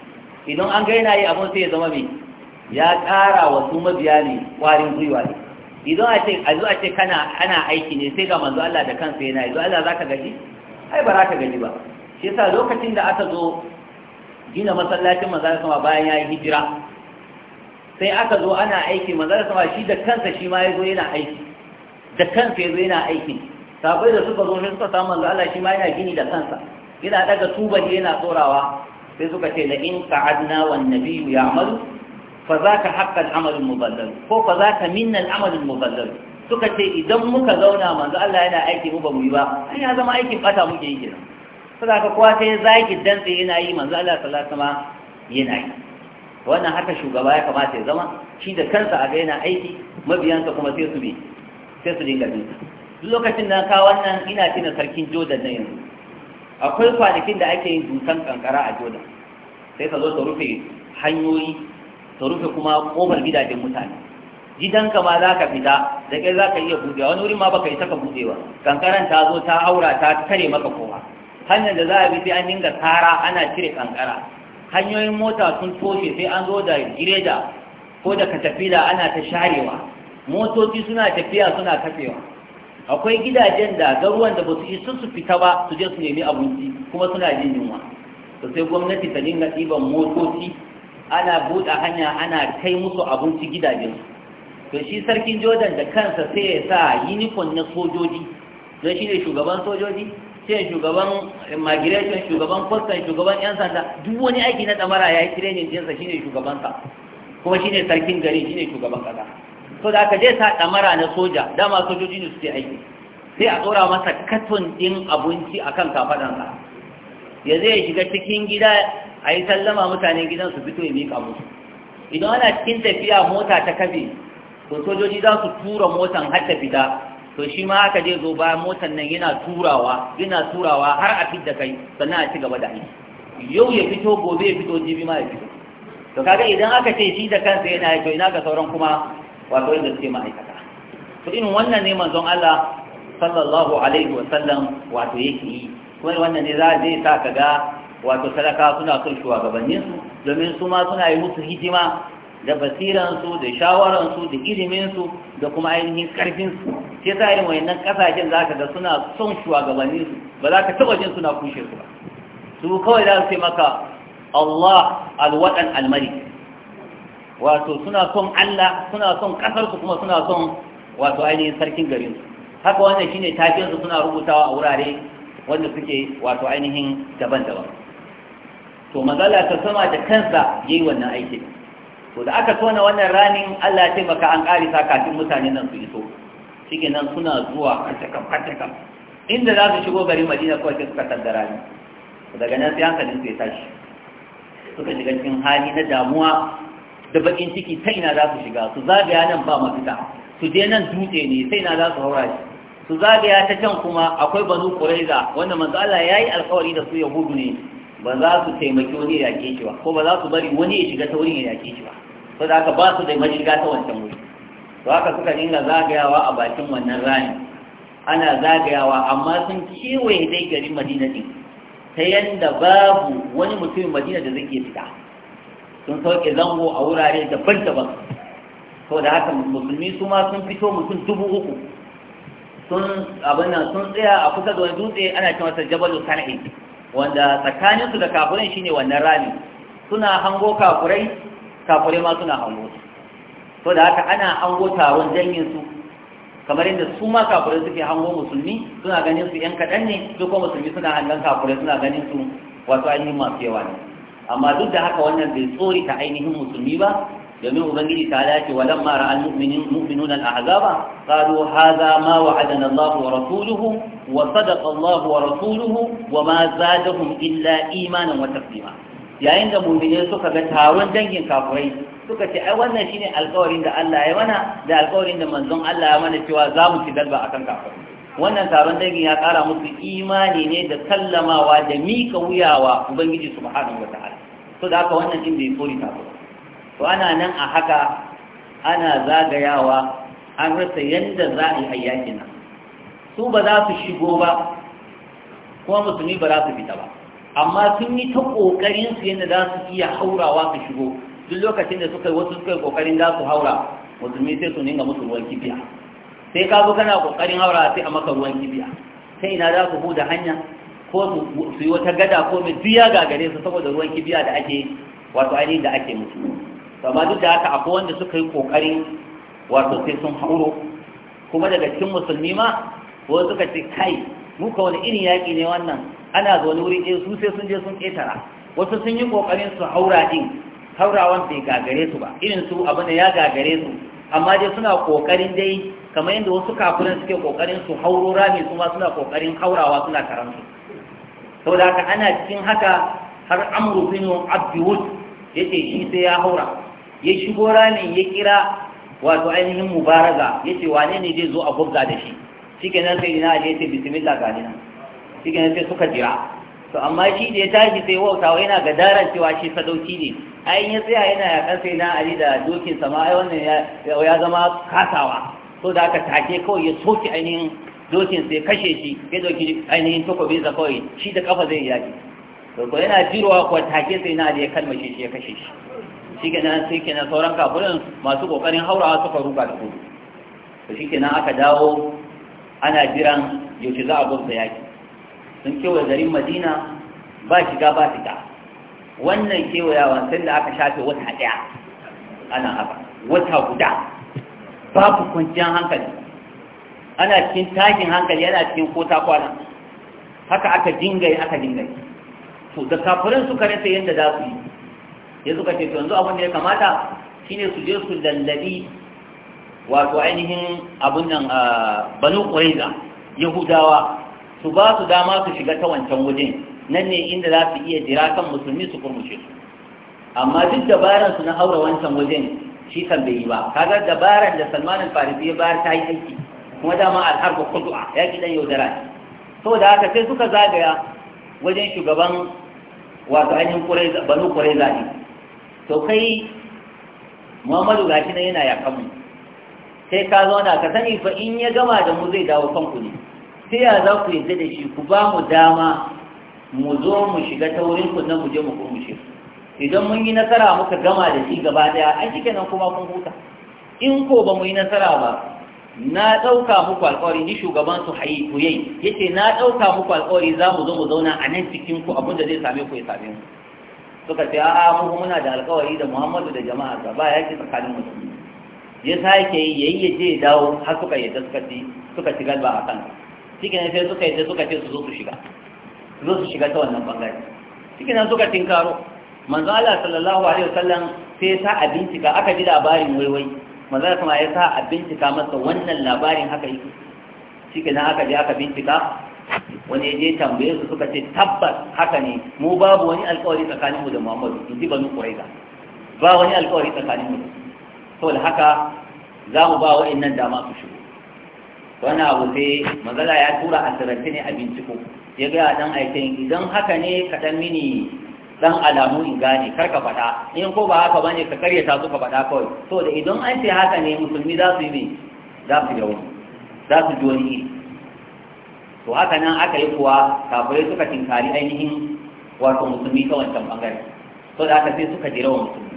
idan an ga yana yi abin sai ya zama mai ya ƙara wa su mabiya ne ƙwarin gwiwa ne idan a ce a zo a ce kana ana aiki ne sai ga manzo Allah da kansa yana yi zo Allah za ka gaji ai ba za ka gaji ba shi yasa lokacin da aka zo gina masallacin manzo sama bayan ya yi hijira sai aka zo ana aiki manzo sama shi da kansa shi ma yazo yana aiki da kansa ya yana aiki sabai da suka zo shi suka samu manzo Allah shi ma yana gini da kansa yana daga tuban yana tsorawa sai suka ce la in qa'adna wan nabiyyu ya'malu fa zaka haqqal amal mubaddal ko fa zaka minna al amal mubaddal suka ce idan muka zauna manzo Allah yana aiki mu ba mu yi ba ai ya zama aikin bata muke yi kenan saboda kowa sai zaki dantse yana yi manzo Allah sallallahu alaihi wasallam yana yi wannan haka shugaba ya kamata ya zama shi da kansa a ga yana aiki mabiyansa kuma sai su bi sai su dinga bin duk lokacin da ka wannan ina cina sarkin jordan na yanzu akwai kwanakin da ake yin dusan kankara a jordan sai ka zo ta rufe hanyoyi ta rufe kuma kofar gidajen mutane gidanka ma za ka fita da kai za ka iya buɗewa wani wurin ma baka yi saka buɗewa kankaran ta zo ta haura ta tare maka kowa hanyar da za a bi sai an dinga tsara ana cire kankara hanyoyin mota sun toshe sai an zo da gireda ko da katafila ana ta sharewa motoci suna tafiya suna kafewa akwai gidajen da garuwan da ba su isa su fita ba su je su nemi abinci kuma suna jin yunwa to sai gwamnati ta dinga ɗiban motoci ana buɗe hanya ana kai musu abinci gidajen to shi sarkin jordan da kansa sai ya sa uniform na sojoji don shi ne shugaban sojoji sai shugaban migration shugaban kwastan shugaban yan sanda duk wani aiki na ɗamara ya yi training ɗinsa shi ne shugabansa kuma shi sarkin gari shine shugaban ƙasa so da aka je sa ɗamara na soja dama sojoji ne suke aiki sai a tsora masa katon ɗin abinci a kan kafaɗansa ya zai shiga cikin gida a yi sallama mutane gidan su fito ya miƙa musu idan ana cikin tafiya mota ta kafe to sojoji za su tura motan har ta fita to shi ma haka je zo ba motan nan yana turawa yana turawa har a fidda kai sannan a ci gaba da aiki yau ya fito gobe ya fito jibi ma ya fito to kaga idan aka ce shi da kansa yana yi to ina ga sauran kuma wato inda suke ma'aikata to in wannan ne manzon Allah sallallahu alaihi Wasallam wato yake yi kuma wannan ne za zai sa ka ga wato sadaka suna son shugabanninsu, domin su ma suna yi musu hidima da basiransu, da shawaransu, da iliminsu, da kuma ainihin karfin su sai sa irin wayannan kasashen zaka ga suna son shugabanninsu, ba za ka taba jin suna kushe su ba su kawai za su yi maka Allah alwadan almalik wato suna son Allah suna son ƙasarsu kuma suna son wato ainihin sarkin garin haka wannan shine tafiyan su suna rubutawa a wurare wanda suke wato ainihin daban-daban to mazala ta sama da kansa yayi wannan aikin to da aka tona wannan ranin Allah ya taimaka an karisa kafin mutane nan su iso shike nan suna zuwa katakam katakam inda za su shigo garin Madina kawai sai suka tanda rani daga nan sai hankalin su ya tashi suka shiga cikin hali na damuwa da bakin ciki sai na za su shiga su zagaya nan ba mafita su je nan dutse ne sai na za su haura shi su zagaya ta can kuma akwai banu kuraiza wanda manzo Allah yayi alƙawari da su yahudu ne ba za su taimaki wani ya yake shi ba ko ba za su bari wani ya shiga ta wurin ya yake shi ba saboda aka ba su da mashiga ta wancan wuri to haka suka dinga zagayawa a bakin wannan rani ana zagayawa amma sun kewaye dai garin madina din ta yanda babu wani mutumin madina da zai ke fita sun sauke zango a wurare daban-daban to da haka musulmi su ma sun fito mutum dubu uku sun abin nan sun tsaya a kusa da wani dutse ana ce masa jabalu sana'in wanda su da kafirin shine wannan rami suna hango kafirai kafirai ma suna hango su to da haka ana hango taron dangin su kamar yadda su ma kafirai suke hango musulmi suna ganin su yan kaɗan ne duk kuma musulmi suna hangen kafirai suna ganin su wato ainihin masu yawa ne amma duk da haka wannan bai tsori ta ainihin musulmi ba domin ubangiji ta dace wa lamma ra'al mu'minuna al-ahzaba qalu hadha ma wa'adana Allah wa rasuluhu wa sadaqa Allah wa rasuluhu wa ma zadahum illa imanan wa taslima yayin da mu'mine suka ga taron dangin kafirai suka ce ai wannan shine alƙawarin da Allah ya mana da alƙawarin da manzon Allah ya mana cewa za mu ci dalba akan kafirai wannan taron dangi ya kara musu imani ne da sallamawa da mika wuyawa ubangiji wata wataala su da aka wannan din bai kori ta ba to ana nan a haka ana zagayawa an rasa yadda za a yi hayyaki nan su ba za su shigo ba kuma musulmi ba za su fita ba amma sun yi ta ƙoƙarin su yadda za su iya haurawa su shigo duk lokacin da suka wasu suka yi ƙoƙarin za su haura musulmi sai su ninga musu ruwan kibiya sai ka zo kana kokarin haura sai a maka ruwan kibiya sai ina za ku buɗe hanya ko su yi wata gada ko mai duya gagare su saboda ruwan kibiya da ake wato ainihin da ake mutu amma duk da haka akwai wanda suka yi kokari wato sai sun hauro kuma daga cikin musulmi ma wani suka ce kai ka wani irin yaƙi ne wannan ana zaune wuri ɗaya su sai sun je sun ƙetara wasu sun yi ƙoƙarin su haura ɗin haurawan bai gagare su ba irin su abu da ya gagare su amma dai suna kokarin dai kamar yadda wasu kafiran suke kokarin su hauro rami su ma suna kokarin haurawa suna Sau saboda haka ana cikin haka har amru bin ya ce shi sai ya haura ya shigo ramin ya kira wato ainihin mubaraza yace wane ne zai zo a gubza da shi shikenan sai ina je yace bismillah ga dinan shikenan sai suka jira to amma shi da ya tashi sai wautawa yana gadaran cewa shi sadauki ne ai ya tsaya yana kan sai na ali da dokin sama ai wannan ya zama kasawa so da aka take kawai ya soke ainihin dokin sai kashe shi ya doki ainihin takobi za kawai shi da kafa zai yaki to ko yana jirowa ko take sai na ali ya kalmashe shi ya kashe shi shi nan sai kenan sauran kafirin masu kokarin haurawa suka ruga da kudu. to shi kenan aka dawo ana jiran yaushe za a gwamza yaki sun kewaye garin madina ba shiga ba fita wannan kewayawa sai da aka shafe wata ɗaya ana haka wata guda babu kwanciyar hankali ana cikin tashin hankali ana cikin kota kwana haka aka yi, aka dingai to da kafirin suka rasa yadda za su yi ya suka ce yanzu abin da ya kamata shine su je su lallabi wato ainihin abin nan ah, banu ƙwai yahudawa su ba su dama su shiga ta wancan wajen nan ne inda za su iya jira kan musulmi su kurmushe su amma duk dabaran su na haura wancan wajen shi kan bai yi ba kaga dabaran da salmanin farisi ya bayar ta yi aiki kuma dama alharba kudu'a ya ki dan yaudara saboda haka sai suka zagaya wajen shugaban wato ainihin banu kurai zaɓe to kai muhammadu gashi nan yana yakan mu sai ka zauna ka sani fa in ya gama da mu zai dawo kanku ne sai ya za ku yadda da shi ku ba mu dama mu zo mu shiga ta wurin ku na mu je mu idan mun yi nasara muka gama da shi gaba daya ai shi kenan kuma kun huta in ko ba mu yi nasara ba na ɗauka muku alƙawari ni shugaban su hayi ku yace na ɗauka muku alƙawari za mu zo mu zauna a nan cikin ku abin da zai same ku ya same mu suka ce a'a mu muna da alƙawari da Muhammadu da jama'a ga ba yake tsakanin musulmi ya sake yi yayi ya je dawo har suka yadda suka ci suka ci galba akan shi ne sai suka yadda suka ce su zo su shiga zo su shiga ta wannan bangare cikin nan suka tinkaro manzo Allah sallallahu alaihi wasallam sai ya sa a bincika aka ji labarin waiwai manzo Allah kuma ya sa a bincika masa wannan labarin haka yake cikin nan aka ji aka bincika wani ya je tambaye su suka ce tabbas haka ne mu babu wani alƙawari tsakaninmu da Muhammadu in ji banu Quraiza ba wani alƙawari tsakaninmu saboda haka za mu ba wa'annan dama su shigo wannan abu sai magana ya tura a sirrance ne a binciko ya gaya dan aikin idan haka ne ka dan mini dan alamu in gane kar ka faɗa in ko ba haka bane ka karya ta suka faɗa kawai to da idan an ce haka ne musulmi za su yi ne za su wani za su ji wani iri to haka nan aka yi kuwa kafirai suka tinkari ainihin wato musulmi ta wancan bangare to da aka sai suka jira wa musulmi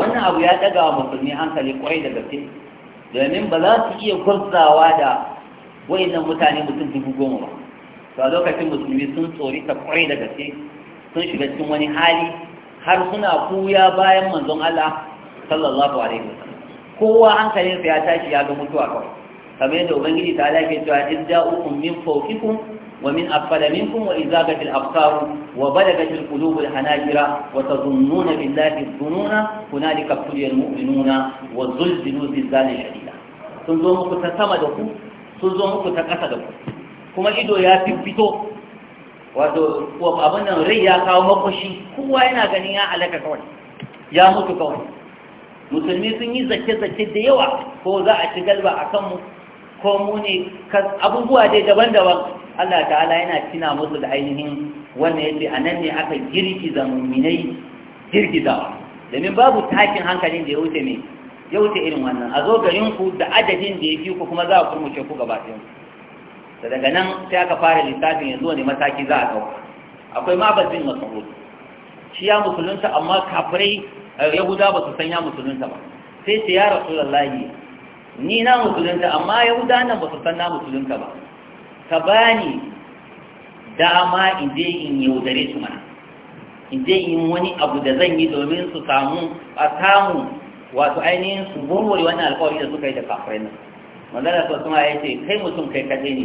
wannan abu ya daga wa musulmi hankali kwarai da gaske domin ba za su iya kurzawa da wayannan mutane mutum dubu goma ba to a lokacin musulmi sun tsori ta kwarai da gaske sun shiga cikin wani hali har suna kuya bayan manzon Allah sallallahu alaihi wasallam kowa hankalinsa ya tashi ya ga mutuwa kawai kamar yadda ubangiji ta alaƙe cewa in ja'ukum min fawqikum wa min afala minkum wa idza gatil absar wa balagat al qulub al hanajira wa tadhunnuna billahi dhununa hunalika tuliyal mu'minuna wa zulzilu zilzalan shadida sun zo muku ta sama da ku sun zo muku ta ƙasa da ku kuma ido ya fito wato abin nan rai ya kawo makoshi kowa yana ganin ya alaka kawai ya mutu kawai musulmi sun yi zake-zake da yawa ko za a ci galba a kanmu ko mu ne abubuwa dai daban-daban Allah ta'ala yana cina musu da ainihin wannan yadda a nan ne aka girgiza muminai girgizawa domin babu takin hankalin da ya wuce mai ya wuce irin wannan a zo garinku da adadin da ya fi ku kuma za a kurmuce ku gaba ɗin da daga nan sai aka fara lissafin yanzu wani mataki za a ɗauka akwai masu hudu shi ya musulunta amma kafirai eh, yahuda ba su san ya musulunta ba sai ce ya lallahi ni na musulunta amma yahuda nan ba su san na musulunta ba ka bani dama in je in yaudare su mana in je in wani abu da zan yi domin su samu a samu wato ainihin su warware wannan alƙawari da suka yi da kafirai nan manzala ta ya ce kai mutum kai kaɗai ne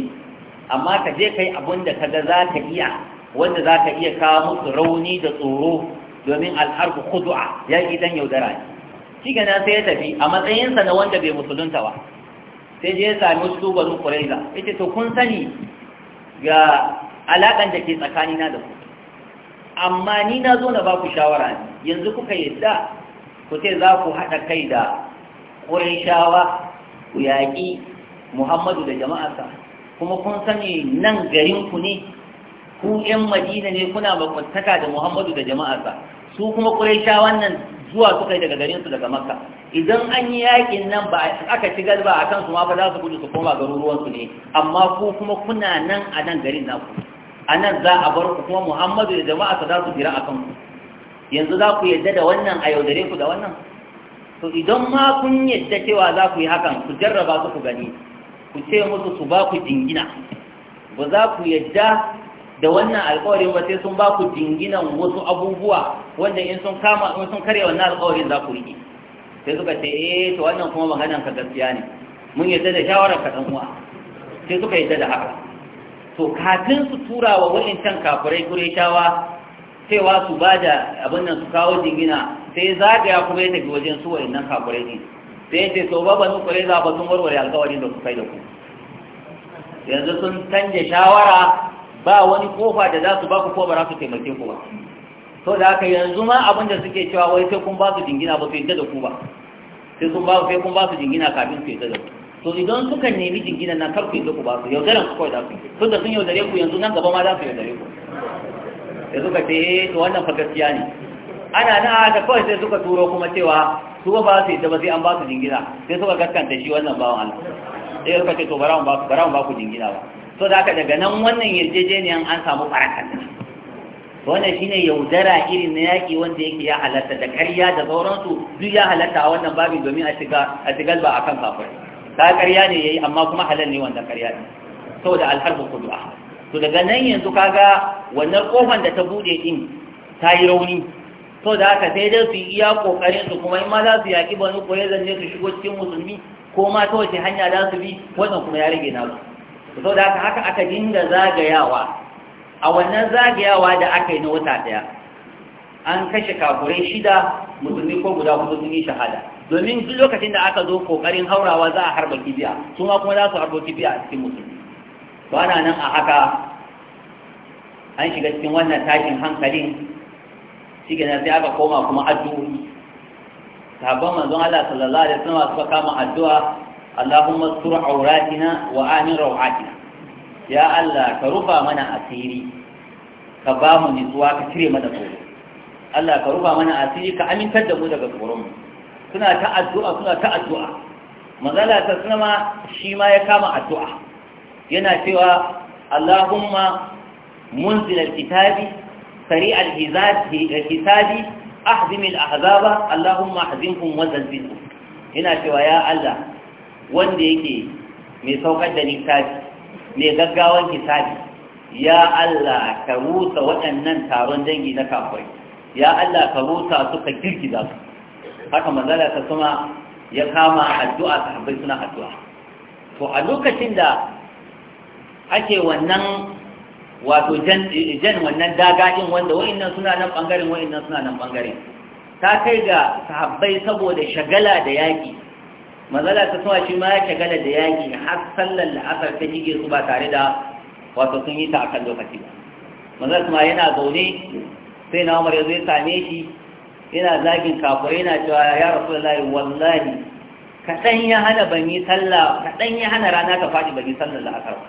amma ka je kai abin da kaga za ka iya wanda za ka iya kawo musu rauni da tsoro domin alharku khudu'a ya idan yaudara ne shi gana sai ya tafi a matsayinsa na wanda bai musulunta ba sai je ya sami wasu tubalin kuraiza ita to kun sani ga alaƙan da ke tsakanina da ku amma ni na zo na ba ku shawara yanzu kuka yadda ku ce za ku haɗa kai da shawa ku yaƙi muhammadu da jama'arsa kuma kun sani nan garinku ne ku 'yan madina ne kuna makwantaka da muhammadu da jama'arsa su kuma shawa nan zuwa suka yi daga garinsu daga makka idan an yi yaƙin nan ba aka ci galba a su ma ba za su gudu su koma garuruwansu ne amma ku kuma kuna nan a nan garin naku a nan za a bar ku kuma muhammadu da jama'arsa za su jira a kanku yanzu za ku yadda da wannan a yaudare ku da wannan to idan ma kun yadda cewa za ku yi hakan ku jarraba su ku gani ku ce musu su ba ku jingina ba za ku yadda da wannan alƙawarin ba sai sun ba ku jinginan wasu abubuwa wanda in sun kama in sun karya wannan alƙawarin za ku riƙe sai suka ce eh to wannan kuma maganan ka gaskiya ne mun yadda da shawarar ka dan uwa sai suka yadda da haka to kafin su tura wa wa'incan kafirai shawa. cewa su ba da abin nan su kawo jingina sai zagaya kuma ya tafi wajen su nan kakwarai ne sai ya ce so ba ba nukwarai za ba sun warware alkawarin da su kai da ku yanzu sun canja shawara ba wani kofa da za su ba ku ko ba za su taimake ku ba to da haka yanzu ma abin da suke cewa wai sai kun ba su jingina ba su yadda da ku ba sai kun ba sai kun ba su jingina kafin su yadda da ku to idan suka nemi jingina nan kar ku yadda ku ba su yaudaran su kawai da su da sun yaudare ku yanzu nan gaba ma za su yaudare ku da suka ce eh to wannan fa gaskiya ne ana na da kawai sai suka turo kuma cewa su ba su yi ta ba sai an ba su jingina sai suka gaskanta shi wannan bawan Allah sai suka ce to bara mu ba ku jingina ba so da aka daga nan wannan yarjejeniyan an samu barakanta wannan shine yaudara irin na yaki wanda yake ya halatta da ƙarya da sauransu duk ya halatta a wannan babin domin a shiga a shigar ba akan kafir ta ƙarya ne yayi amma kuma halal ne wannan ƙarya ne saboda alharbu kudu'a to daga nan yanzu kaga wannan kofan da ta bude din ta yi rauni to da aka sai dai su iya kokarin su kuma in ma za su yaki banu yanzu ne su shigo cikin musulmi ko ma ta wace hanya za su bi wannan kuma ya rage nasu to da aka haka aka dinga zagayawa a wannan zagayawa da aka yi na wata daya an kashe kafurai shida musulmi ko guda hudu sun yi shahada domin duk lokacin da aka zo kokarin haurawa za a harba kibiya su ma kuma za su harba kibiya a cikin musulmi Ba na nan a haka an shiga cikin wannan tashin hankalin shi ke sai aka koma kuma addu'o'i sabon manzon Allah sallallahu alaihi wasallam suka kama addu'a Allahumma sur auratina wa amin rawatina ya Allah ka rufa mana asiri ka ba mu nutsuwa ka cire mana tsoro Allah ka rufa mana asiri ka amintar da mu daga tsoron mu suna ta addu'a suna ta addu'a manzala ta sunama shi ma ya kama addu'a yana cewa Allahumma munzil al-kitabi sari al-hisabi ahzim al-ahzaba Allahumma ahzimhum wa zalzilhum yana cewa ya Allah wanda yake mai saukar da littafi mai gaggawan kitabi ya Allah ka rusa waɗannan taron dangi na kafai ya Allah ka rusa su ka girgiza su haka manzala ta kuma ya kama addu'a sahabbai suna addu'a to a lokacin da ake wannan wato jan wannan daga wanda wa'annan suna nan bangaren wa'annan suna nan bangaren ta kai ga sahabbai saboda shagala da yaki mazala ta suna shi ma ya shagala da yaki har sallar la'asar ta jige su ba tare da wato sun yi ta akan lokaci ba mazala kuma yana zaune sai na umar ya zo ya same shi yana zagin kafa yana cewa ya rasu da layi wallahi kaɗan ya hana ban yi sallah kaɗan ya hana rana ka faɗi ban yi sallar la'asar ba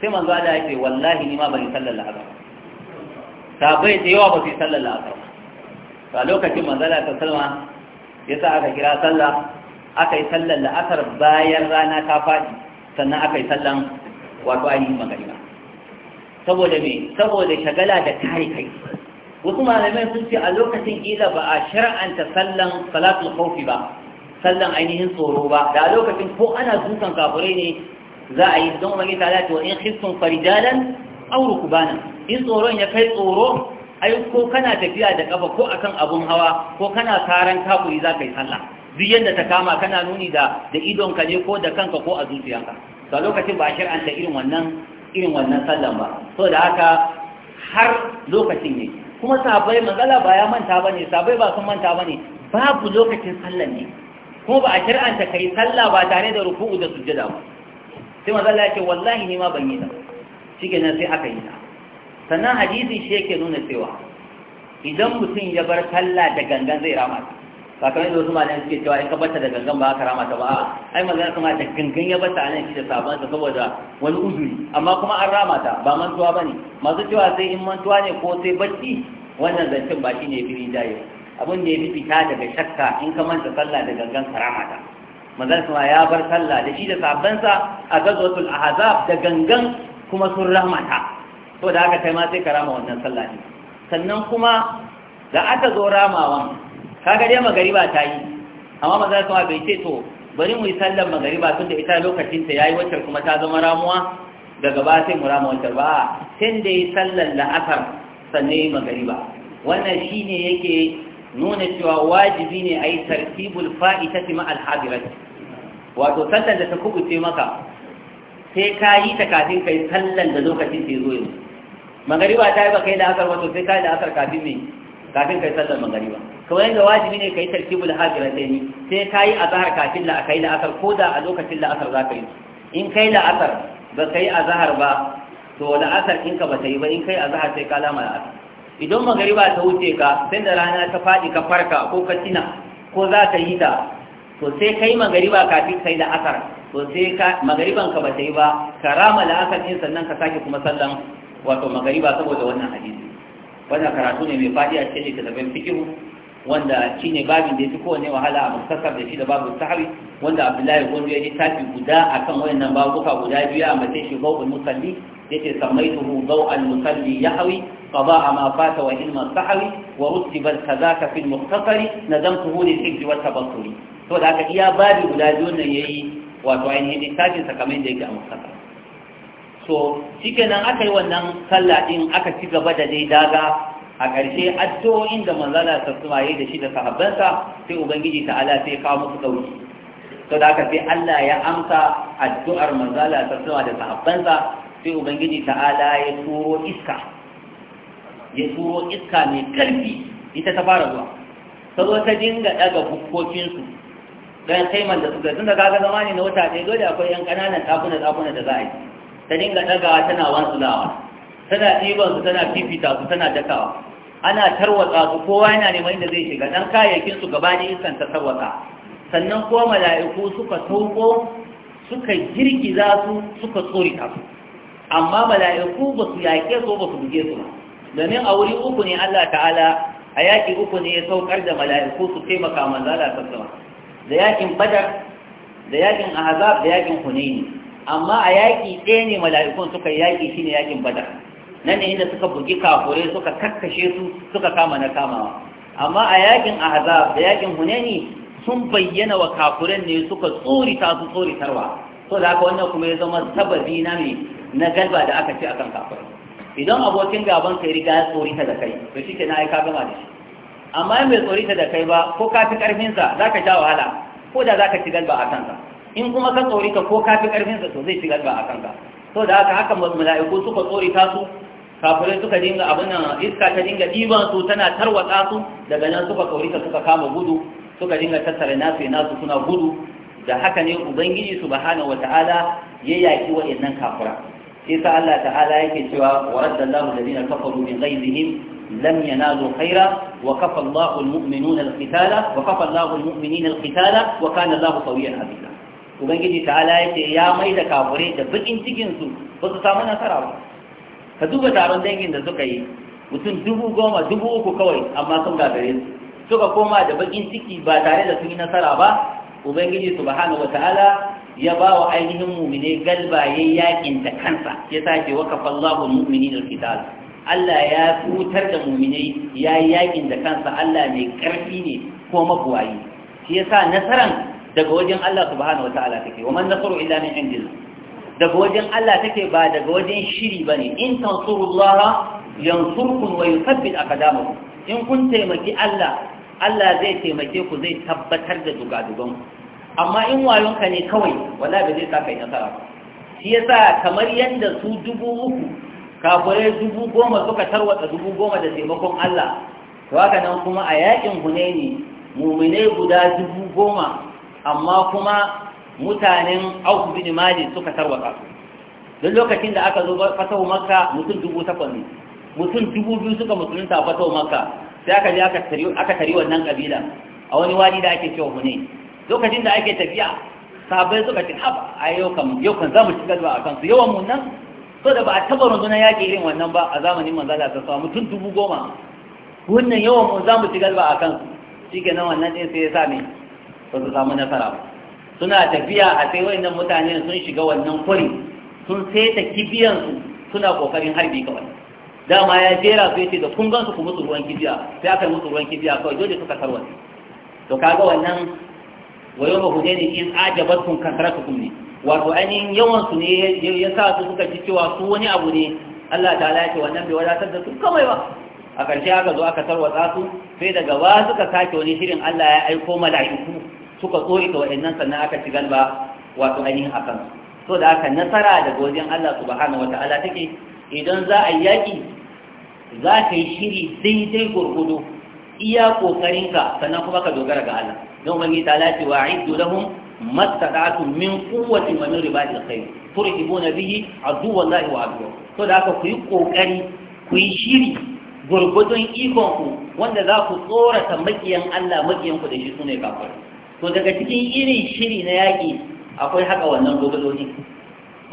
sai manzo Allah ya ce wallahi ni ma ban sallar la'asar sabai da yawa ba su sallar la'asar ba lokacin manzo Allah ta sallama yasa aka kira sallah aka yi sallar la'asar bayan rana ta faɗi sannan aka yi sallan wato ainihin magariba saboda me saboda shagala da kare kai wasu malamai sun ce a lokacin ila ba a shar'anta sallan salatul kofi ba sallan ainihin tsoro ba da a lokacin ko ana dukan kafurai ne za a yi don wani tala to in khiftum farijalan aw rukbana in tsoron ya kai tsoro ai ko kana tafiya da kafa ko akan abun hawa ko kana karan kakuri za ka yi sallah duk yadda ta kama kana nuni da da idon ka ne ko da kanka ko a zuciyanka ga lokacin ba shir'an da irin wannan irin wannan sallan ba so da haka har lokacin ne kuma sabai manzala ba ya manta bane sabai ba sun manta bane babu lokacin sallan ne kuma ba a shir'anta kai sallah ba tare da ruku'u da sujjada ba sai manzo ya wallahi ni ma ban yi ta nan sai aka yi ta sannan hadisi shi yake nuna cewa idan mutum ya bar sallah da gangan zai rama ta sakamakon da wasu malayan suke cewa in ka bata da gangan ba ka rama ta ba a ai magana kuma da gangan ya bata anan shi da sabon ta saboda wani uzuri amma kuma an rama ta ba mantuwa bane masu cewa sai in mantuwa ne ko sai bacci wannan zancen ba ne fili jaye abin da ya fi fita daga shakka in ka manta sallah da gangan ka rama ta manzon sama ya bar sallah da shi da sabbansa a gazwatul ahzab da gangan kuma sun rahmata to da haka kai ma sai ka rama wannan sallah din sannan kuma da aka zo ramawan kaga dai magariba ta yi amma manzon sama bai ce to bari mu yi sallar magariba tunda ita lokacin ta yayi wacce kuma ta zama ramuwa daga ba sai mu rama wacce ba sai da yi sallar la'asar sannan magariba wannan shine yake nuna cewa wajibi ne a yi tartibul fa'itati ma alhadirati wato sallar da ta kubuce maka sai ka yi ta kafin kai sallar da lokacin sai zo yanzu magariba ta yi ba kai da asar wato sai ka yi da asar kafin ne kafin kai sallar magariba kuma yadda wajibi ne ka yi da hajira sai ni sai ka yi azahar kafin la kai la asar ko da a lokacin la asar za ka yi in kai la asar ba ka yi azahar ba to la asar in ka ba ta yi ba in kai azahar sai ka lama la asar idan magariba ta wuce ka sai da rana ta faɗi ka farka ko ka tina ko za ka yi ta to sai kai magariba kafin kai da asar to sai ka magariban ba ta yi ba ka rama da asar din sannan ka sake kuma sallan wato magariba saboda wannan hadisi wannan karatu ne mai fadi a cikin littattafan fikihu wanda shine babin da yake kowane wahala a muktasar da shi da babu sahabi wanda Abdullahi Gondo ya ji tafi guda akan wayannan babuka guda biyu a mace shi bawul musalli yace samaituhu al musalli yahwi قضاء ما فات وعلم السحر ورتب كذاك في المختصر ندمته للحج والتبصر to da aka iya babi guda biyu nan yayi wato ainihin littafin sa da yadda yake a musaka. so shikenan aka yi wannan sallah din aka ci gaba da dai daga a ƙarshe addu'o'in inda manzala ta sumaye da shi da sahabbansa sai ubangiji ta'ala sai ya kawo musu ɗauki to da aka sai Allah ya amsa addu'ar manzala ta suma da sahabbansa sai ubangiji ta'ala ya turo iska ya turo iska mai ƙarfi ita ta fara zuwa ta zo ta dinga ɗaga bukkokinsu dan taiman da suka tunda kaga zama ne na wata ɗaya dole akwai yan kananan takuna ɗakuna da za a yi ta dinga dagawa tana wansulawa tana ɗiban su tana fifita su tana dakawa ana tarwatsa su kowa yana neman inda zai shiga dan kayayyakin su gaba ne iskan ta tarwatsa sannan ko mala'iku suka tauko suka girgiza su suka tsorita su amma mala'iku ba su yaƙe su ba su buge su domin a wuri uku ne Allah ta'ala a yaƙi uku ne ya saukar da mala'iku su taimaka manzala sassawa da yakin badar da yakin ahzab da yakin hunaini amma a yaki ɗaya ne mala'ikun suka yaki shine yakin badar nan ne inda suka bugi kafure suka kakkashe su suka kama na kamawa amma a yakin ahzab da yakin hunaini sun bayyana wa kafuran ne suka ta su tsoritarwa to da haka wannan kuma ya zama sababi na mai na galba da aka ce akan kafure. idan abokin gaban kai riga ya tsorita da kai to shi ke na aika gama da shi amma in bai tsorita da kai ba ko ka fi ƙarfinsa za ka sha wahala ko da za ka ci galba a kanka in kuma ka tsorita ko ka fi ƙarfinsa to zai ci galba a kanka to da haka haka mala'iku suka tsorita su kafirai suka dinga abin nan iska ta dinga ɗiban su tana tarwatsa su daga nan suka tsorita suka kama gudu suka dinga tattara nasu ya nasu suna gudu da haka ne ubangiji subhanahu wata'ala ya yaki waɗannan kafura. isa Allah ta'ala yake cewa wa raddallahu alladhina kafaru bi ghaizihim lam yanalu khaira wa kafa Allahu almu'minuna alqitala wa kafa Allahu almu'minina alqitala wa kana Allahu qawiyan aziza ubangiji ta'ala yake ya mai da kafure da bakin cikin su ba su samu nasara ba ka duba taron dangin da suka yi mutum dubu goma dubu uku kawai amma sun gagare su suka koma da bakin ciki ba tare da sun yi nasara ba ubangiji subhanahu Ta'ala. ya ba wa ainihin mumine galba ya yakin da kansa ya sake wa kafallahu mu'minin alkitab Allah ya tutar da mumine ya yakin da kansa Allah mai karfi ne ko mabuwayi shi sa nasaran daga wajen Allah subhanahu wataala take wa man nasru illa min indillah daga wajen Allah take ba daga wajen shiri bane in tansurullaha yansurkum wa yuthabbit aqdamakum in kun taimaki Allah Allah zai taimake ku zai tabbatar da dugadugan ku amma in wayonka ne kawai wala ba zai sa kai nasara ba shi yasa kamar yadda su dubu uku kafirai dubu goma suka tarwata dubu goma da taimakon Allah to haka nan kuma a yakin Hunaini mu'mine guda dubu goma amma kuma mutanen Auf bin Mali suka tarwata don lokacin da aka zo fatahu Makka mutum dubu takwas ne mutum dubu biyu suka musulunta a Makka sai aka je aka tari wannan kabila a wani wadi da ake cewa Hunaini lokacin da ake tafiya sabai suka ce haba a yau kan yau kan zamu shiga zuwa a kansu yawan mun nan so da ba a taba rundunar yaƙi irin wannan ba a zamanin manzo Allah ta samu mutum dubu goma wannan yawan mun zamu shiga zuwa a kansu shikenan wannan ɗin sai ya sa ne ba su samu nasara ba suna tafiya a sai wayannan mutane sun shiga wannan kwari sun saita kibiyansu suna kokarin harbi kawai dama ya jera su yace da kun gansu ku musu ruwan kibiya sai aka yi musu ruwan kibiya kawai dole suka tarwata to kaga wannan wa yawma hunainin in ajabatkum kasratukum ne wato ainihin yawan su ne ya sa su suka ji cewa su wani abu ne Allah Ta ya ce wannan bai wadatar da su kawai ba a ƙarshe aka zo aka tarwatsa su sai daga ba suka sake wani shirin Allah ya aiko mala'iku suka tsori ta wa'annan sannan aka ci galba wato ainihin a kansu so da aka nasara daga wajen Allah subhanahu wata'ala take idan za a yaƙi za ka yi shiri daidai gurgudu iya ƙoƙarinka sannan kuma ka dogara ga Allah don wani ta lati wa aidu lahum mastada'atu min riba da kai. ribatil khayr na bihi lahi wa aduwa to da aka kuyi kokari kuyi shiri gurgudun ikon ku wanda za ku tsorata makiyan Allah makiyan ku da shi sune kafar to daga cikin irin shiri na yaki akwai haka wannan gurgudodi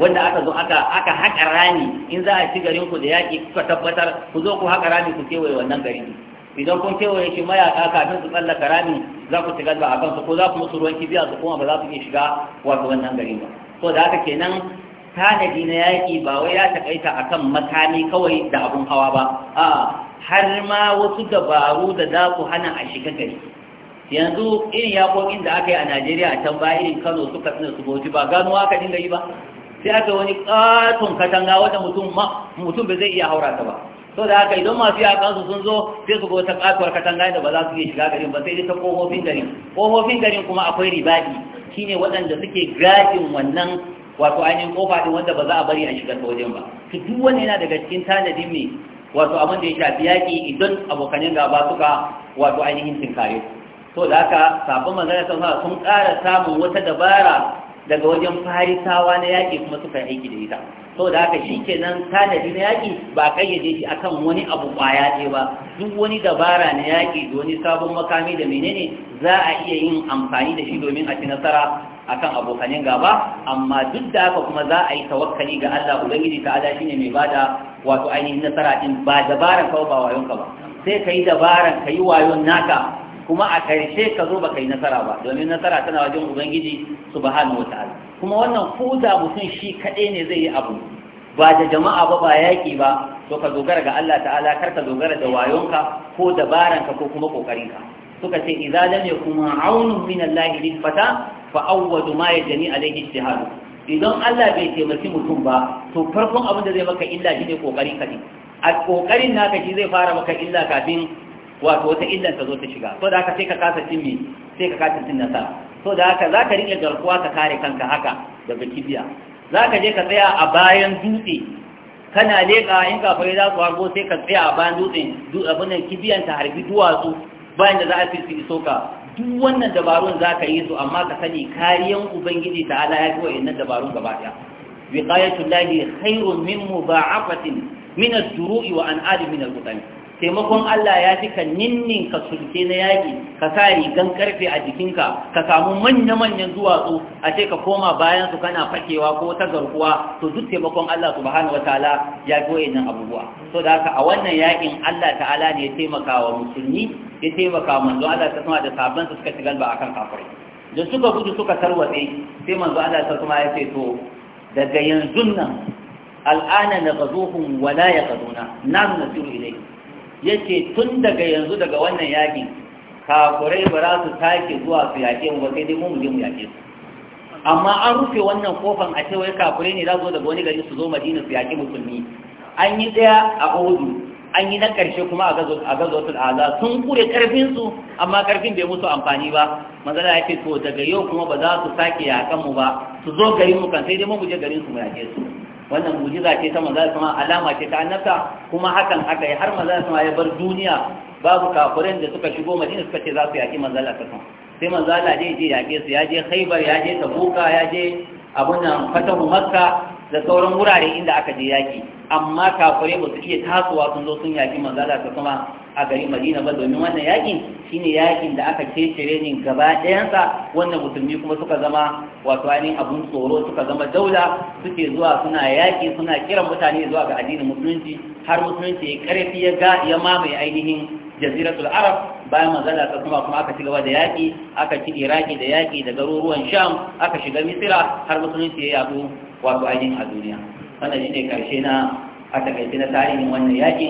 wanda aka zo aka aka haƙa rami in za a ci garin ku da yaki kuka tabbatar ku zo ku haƙa rani ku kewaye wannan garin idan kun kewaye shi mayaka kafin su tsallaka rami za ku shiga ba a kansu ko za ku musu ruwan kibiya su kuma ba za su iya shiga wato wannan gari ba so da haka kenan tanadi na yaƙi ba wai ya takaita akan makami kawai da abun hawa ba a har ma wasu dabaru da za ku hana a shiga gari yanzu irin yakokin da aka yi a najeriya a can ba irin kano suka tsina su bauchi ba gano aka dinga yi ba sai aka wani katon katanga wanda mutum ba zai iya haura ta ba so da haka idan masu yakan su sun zo sai su gota wata katuwar katanga da ba za su iya shiga garin ba sai dai ta kohofin garin Kohofin garin kuma akwai ribadi shine waɗanda suke gadin wannan wato ainihin kofa din wanda ba za a bari a shiga ta wajen ba to duk wani yana daga cikin tanadin mai, wato abin da ya shafi yaƙi idan abokanin gaba suka wato ainihin tinkare to da haka sabon manzana sun sun ƙara samun wata dabara daga wajen farisawa na yaƙi kuma suka aiki da ita sau da haka shi ke nan tanadi na yaƙi ba ƙayyade shi akan wani abu ƙwaya ce ba duk wani dabara na yaƙi da wani sabon makami da menene za a iya yin amfani da shi domin a ci nasara a akan abokanin gaba amma duk da haka kuma za a yi tawakkali ga Allah ubangiji ta ala shine mai bada wato ainihin nasara din ba dabaran kawai ba wayonka ba sai ka yi dabaran ka yi wayon naka kuma a karshe ka zo ba ka yi nasara ba domin nasara tana wajen ubangiji subhanahu wataala kuma wannan fuza mutum shi kaɗai ne zai yi abu ba da jama'a ba ba yaƙi ba to ka dogara ga Allah ta'ala kar ka dogara da wayonka ko dabaranka ko kuma ƙoƙarinka. suka ce idza lam yakun aunun min Allah lil fata fa awwadu ma yajni alayhi ijtihad idan Allah bai taimaki mutum ba to farkon abin da zai maka illa shine kokarin ka ne a kokarin naka shi zai fara maka illa kafin wato wata illa ta zo ta shiga to da haka sai ka kasa cin me sai ka kasa cin so da haka za ka riƙe garkuwa ka kare kanka haka daga kibiya za ka je ka tsaya a bayan dutse kana leƙa in fari za su harbo sai ka tsaya a bayan dutse abin da kibiyan ta harbi duwatsu bayan da za a fi su iso ka duk wannan dabarun za ka yi su amma ka sani kariyan ubangiji ta ala ya fi wa'annan dabarun gaba ɗaya wiqayatul lahi khairun min mudha'afatin min ad-duru'i wa an'ali min al-qutani taimakon Allah ya fi kan ninnin ka sulke na yaƙi ka sa rigan karfe a jikinka ka samu manya-manyan duwatsu a ce ka koma bayan su kana fakewa ko ta garkuwa to duk taimakon Allah subhanahu wataala ya fi wayannan abubuwa so da haka a wannan yaƙin Allah ta'ala ne ya taimaka wa musulmi ya taimaka manzo Allah ta sama da sabon suka ci galba akan kafirai da suka gudu suka tarwatse sai manzo Allah ta ya ce to daga yanzu nan al'ana na gazuhum wala ya gazuna nan nasiru ilai ce tun daga yanzu daga wannan yaƙi kafurai ba za su take zuwa su yaƙe mu ba sai dai mu mu je mu yaƙe su amma an rufe wannan kofan a cewa kafurai ne za su zo daga wani gari su zo madina su yaƙi musulmi an yi ɗaya a odu an yi na ƙarshe kuma a gazo gazotul aza sun kure ƙarfinsu amma ƙarfin bai musu amfani ba mazala ya ce to daga yau kuma ba za su sake mu ba su zo garinmu kan sai dai mu je garin su mu yaƙe su wannan mujiza ce ta manzo sama alama ce ta annabta kuma hakan aka yi har manzo sama ya bar duniya babu kafirin da suka shigo madina suka ce za su yaki manzo sama sai manzo Allah je yake su ya je Khaibar ya je Tabuka ya je da nan fatahu makka da sauran wurare inda aka je yaki amma kafare ba su iya tasowa sun zo sun yaki manzala ta kuma a garin madina ba domin wannan yakin shine yakin da aka cecere ne gaba ɗayansa wannan musulmi kuma suka zama wato ainihin abun tsoro suka zama daula suke zuwa suna yaki suna kiran mutane zuwa ga addinin musulunci har musulunci ya karfi ya ga ya mamaye ainihin jaziratul arab bayan manzala ta kuma kuma aka cigaba da yaƙi aka ci iraki da yaƙi da garuruwan sham aka shiga misira har musulunci ya yaɗu wato ainihin a duniya wannan ne karshe na a takaice na tarihin wannan yaƙi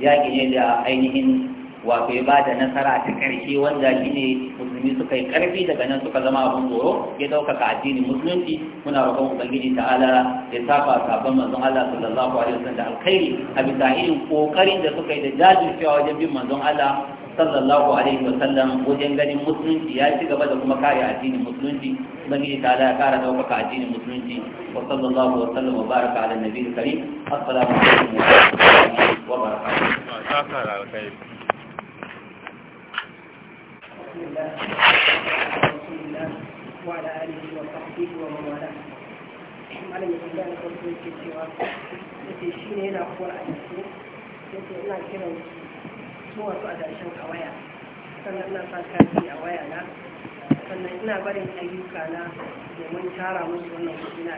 yaƙi ne da ainihin wato ya da nasara ta ƙarshe wanda shine musulmi suka yi ƙarfi daga nan suka zama abin tsoro ya daukaka addinin musulunci muna roƙon ubangiji ta'ala ya saba sabon manzon Allah sallallahu alaihi wasallam da alkhairi a bisa irin ƙoƙarin da suka yi da jajircewa wajen bin manzon Allah sallallahu alaihi wasallam wajen ganin musulunci ya ci gaba da kuma kare addinin musulunci ubangiji ta ya kara daukaka addinin musulunci wa sallallahu wa sallam wa baraka ala nabiyil karim assalamu alaikum wa rahmatullahi wa barakatuh بسم الله رسول الله وعلى آله ya na cewa shi ne yana a ina kiran su wasu a waya sannan ina sa a waya na sannan ina barin ayyuka na domin tara musu na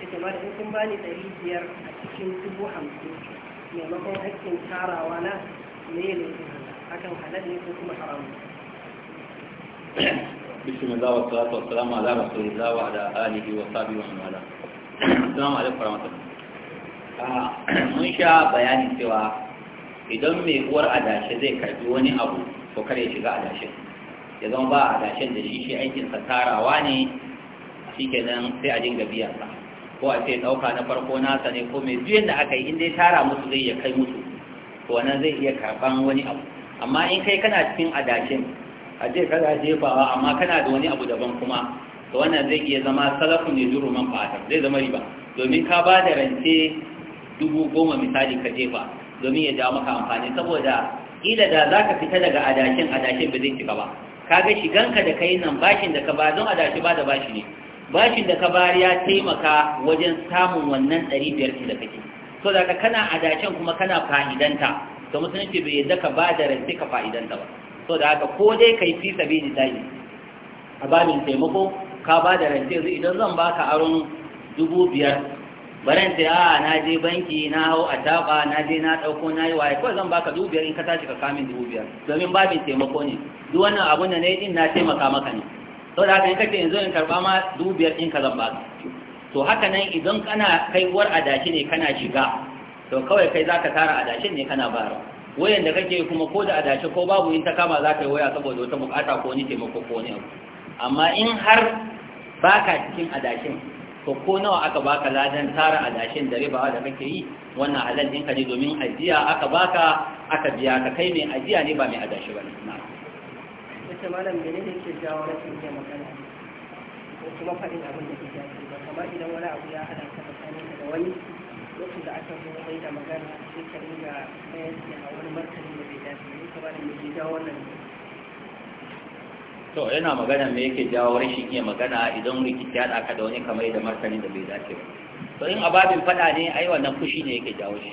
da da bani ɗari biyar a cikin dubu hamsin maimakon hakkin tarawa na me ne hakan halal ne ko kuma haramun بسم الله والصلاة والسلام على رسول الله وعلى آله وصحبه ومن والاه السلام عليكم ورحمة الله mun sha bayanin cewa idan mai uwar adashe zai karbi wani abu to kare ya shiga adashin ya zama ba adashin da shi shi aikinsa tarawa ne shi nan sai a dinga biyan sa ko a ce ɗauka na farko nasa ne ko mai biyan da aka yi in dai tara musu zai iya kai musu Ko wannan zai iya karɓan wani abu amma in kai kana cikin adashin a ce kana jefawa amma kana da wani abu daban kuma to wannan zai iya zama salafun ne juru man fata zai zama riba domin ka ba da rance dubu goma misali ka jefa domin ya jawo maka amfani saboda ila da za ka fita daga adashin adashin ba zai cika ba ka ga shiganka da kai nan bashin da ka ba don adashi ba da bashi ne bashin da ka bari ya taimaka wajen samun wannan ɗari biyar da kake so da kana adashin kuma kana fa'idanta to musulunci bai yadda ka ba da rance ka fa'idanta ba so da haka ko dai kai fi sabili lahi a babin taimako ka ba da rance yanzu idan zan baka aron dubu biyar baran sai a na je banki na hau a taba na je na dauko na yi waye kawai zan baka dubu biyar in ka tashi ka kamin dubu biyar domin babin taimako ne duk wannan abun da na yi din na taimaka maka ne sau da haka in kace yanzu in karɓa ma dubu biyar in ka zan baka to haka nan idan kana kai uwar adashi ne kana shiga to kawai kai za ka tara adashin ne kana bayarwa wayan da kake kuma ko da adashi ko babu in ta kama za ka yi waya saboda wata bukata ko ni taimako ko ni abu amma in har baka cikin adashin to ko nawa aka baka ladan tara adashin da riba da kake yi wannan halal ɗinka ne domin ajiya aka baka aka biya ka kai mai ajiya ne ba mai adashi ba na wace malam mene ne ke jawo rashin iya magana ko kuma faɗin abin da ke jawo ba kamar idan wani abu ya hada ka tsakaninka da wani lokacin da aka zo mai da magana sai ka dinga mayar a wani martani da bai dace ne ka bada mai jawo wannan to yana magana me yake jawo rashin iya magana idan rikici ya ɗaka da wani kamar da martani da bai dace ba to in ababin faɗa ne ai wannan fushi ne yake jawo shi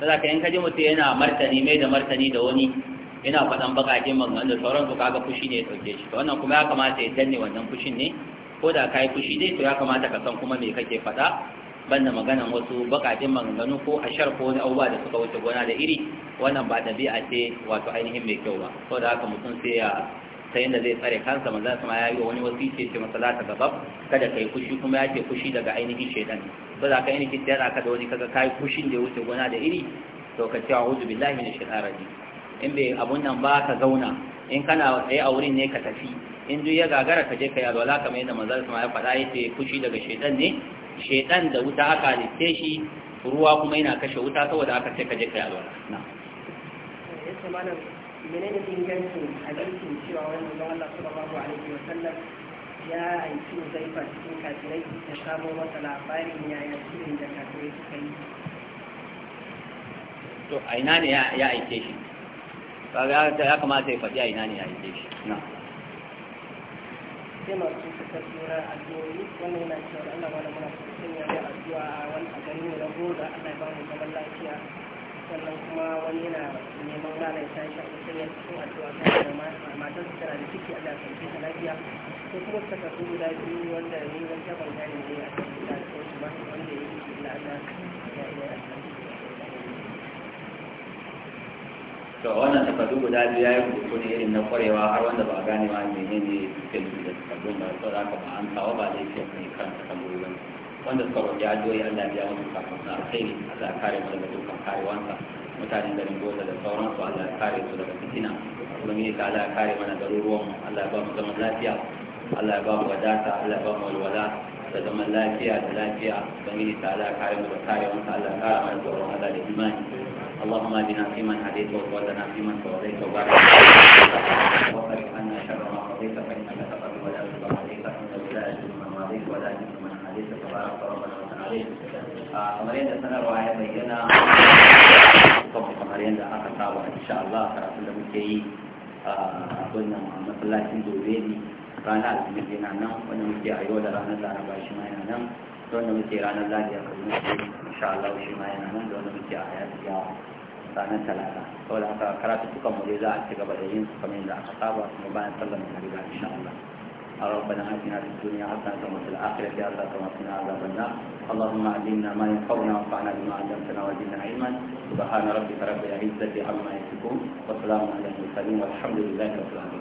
da ka in ji mutum yana martani mai da martani da wani yana faɗan baƙaƙe maganganu da sauran su kaga fushi ne ya ɗauke shi to wannan kuma ya kamata ya danne wannan fushin ne ko da ka yi fushi dai to ya kamata ka san kuma me kake faɗa banda maganan wasu bakatin maganganu ko a shar ko wani abubuwa da suka wuce gona da iri wannan ba ɗabi'a ce wato ainihin mai kyau ba sau da haka mutum sai ya ta da zai tsare kansa su ma ya yi wani wasu ce masa za ta gabab kada ka yi kushi kuma ya ce kushi daga ainihin shaidan Ko za ka yi nikin tsara ka da wani kaga ka yi kushin da ya wuce gona da iri to ka cewa wuzu billahi ne shaidan raji in bai abun nan ba ka zauna in kana tsaye a wurin ne ka tafi in duk ya gagara ka je ka yi alwala kamar yadda su ma ya faɗa ya ce kushi daga shaidan ne shedan da wuta aka halitte shi ruwa kuma yana kashe wuta saboda aka ce ka kai alwala na menene ingancin ya cikin masa labarin yi a ya aike shi ya kamata ya faɗi a ina ne ya aike shi na sai masu suka tura addu'o'i wannan yana cewa Allah wani muna sun yi da addu'a a wani a gari na goga Allah ya ba mu zaman lafiya sannan kuma wani yana neman rana ya tashi a kusan yanzu sun addu'a ta da matar su tana da ciki Allah ya sauke ta lafiya sai kuma suka karɓi guda biyu wanda ne zan taɓa gane ne a cikin da su ba wanda ya yi da Allah ya yi da to wannan takardu guda biyu ya yi rubutu ne irin na kwarewa har wanda ba gane ma ne ne suke da takardun ba to za ka ba an kawo ba da yake mai kan takardu ba wanda suka roƙi addu'o'i Allah ya musu kafin sa a za a kare mu daga dukkan karewansa mutanen garin Goza da sauransu za a kare su daga fitina ne ta za a kare mana garuruwan Allah ya ba mu zaman lafiya Allah ya ba mu wadata Allah ya ba mu walwala da zaman lafiya da lafiya ne ta za a kare mu da karewansa Allah ya kare mana tsoron Allah da imani اللهم اهدنا فيمن هديت وقوتنا فيمن توليت وبارك فيك شر ما قضيت فانك تقبل ولا تبقى عليك انت لا اجد من ماضيك ولا اجد من حديث تبارك ربنا وتعاليك امرين آه، سنة رواية بينا طب امرين ده اخر ان شاء الله ترى كل مكيي آه، قلنا محمد الله سيدو بيدي رانا لنبينا نام ونمكي عيولة رانا لنبينا نام ربنا آتنا في الدنيا وفي الآخرة حسنة وقنا عذاب النار اللهم علمنا ما ينفعنا وانفعنا بما علمتنا وزدنا علما سبحان ربك رب العزة عما يصفون وسلام على المرسلين والحمد لله رب العالمين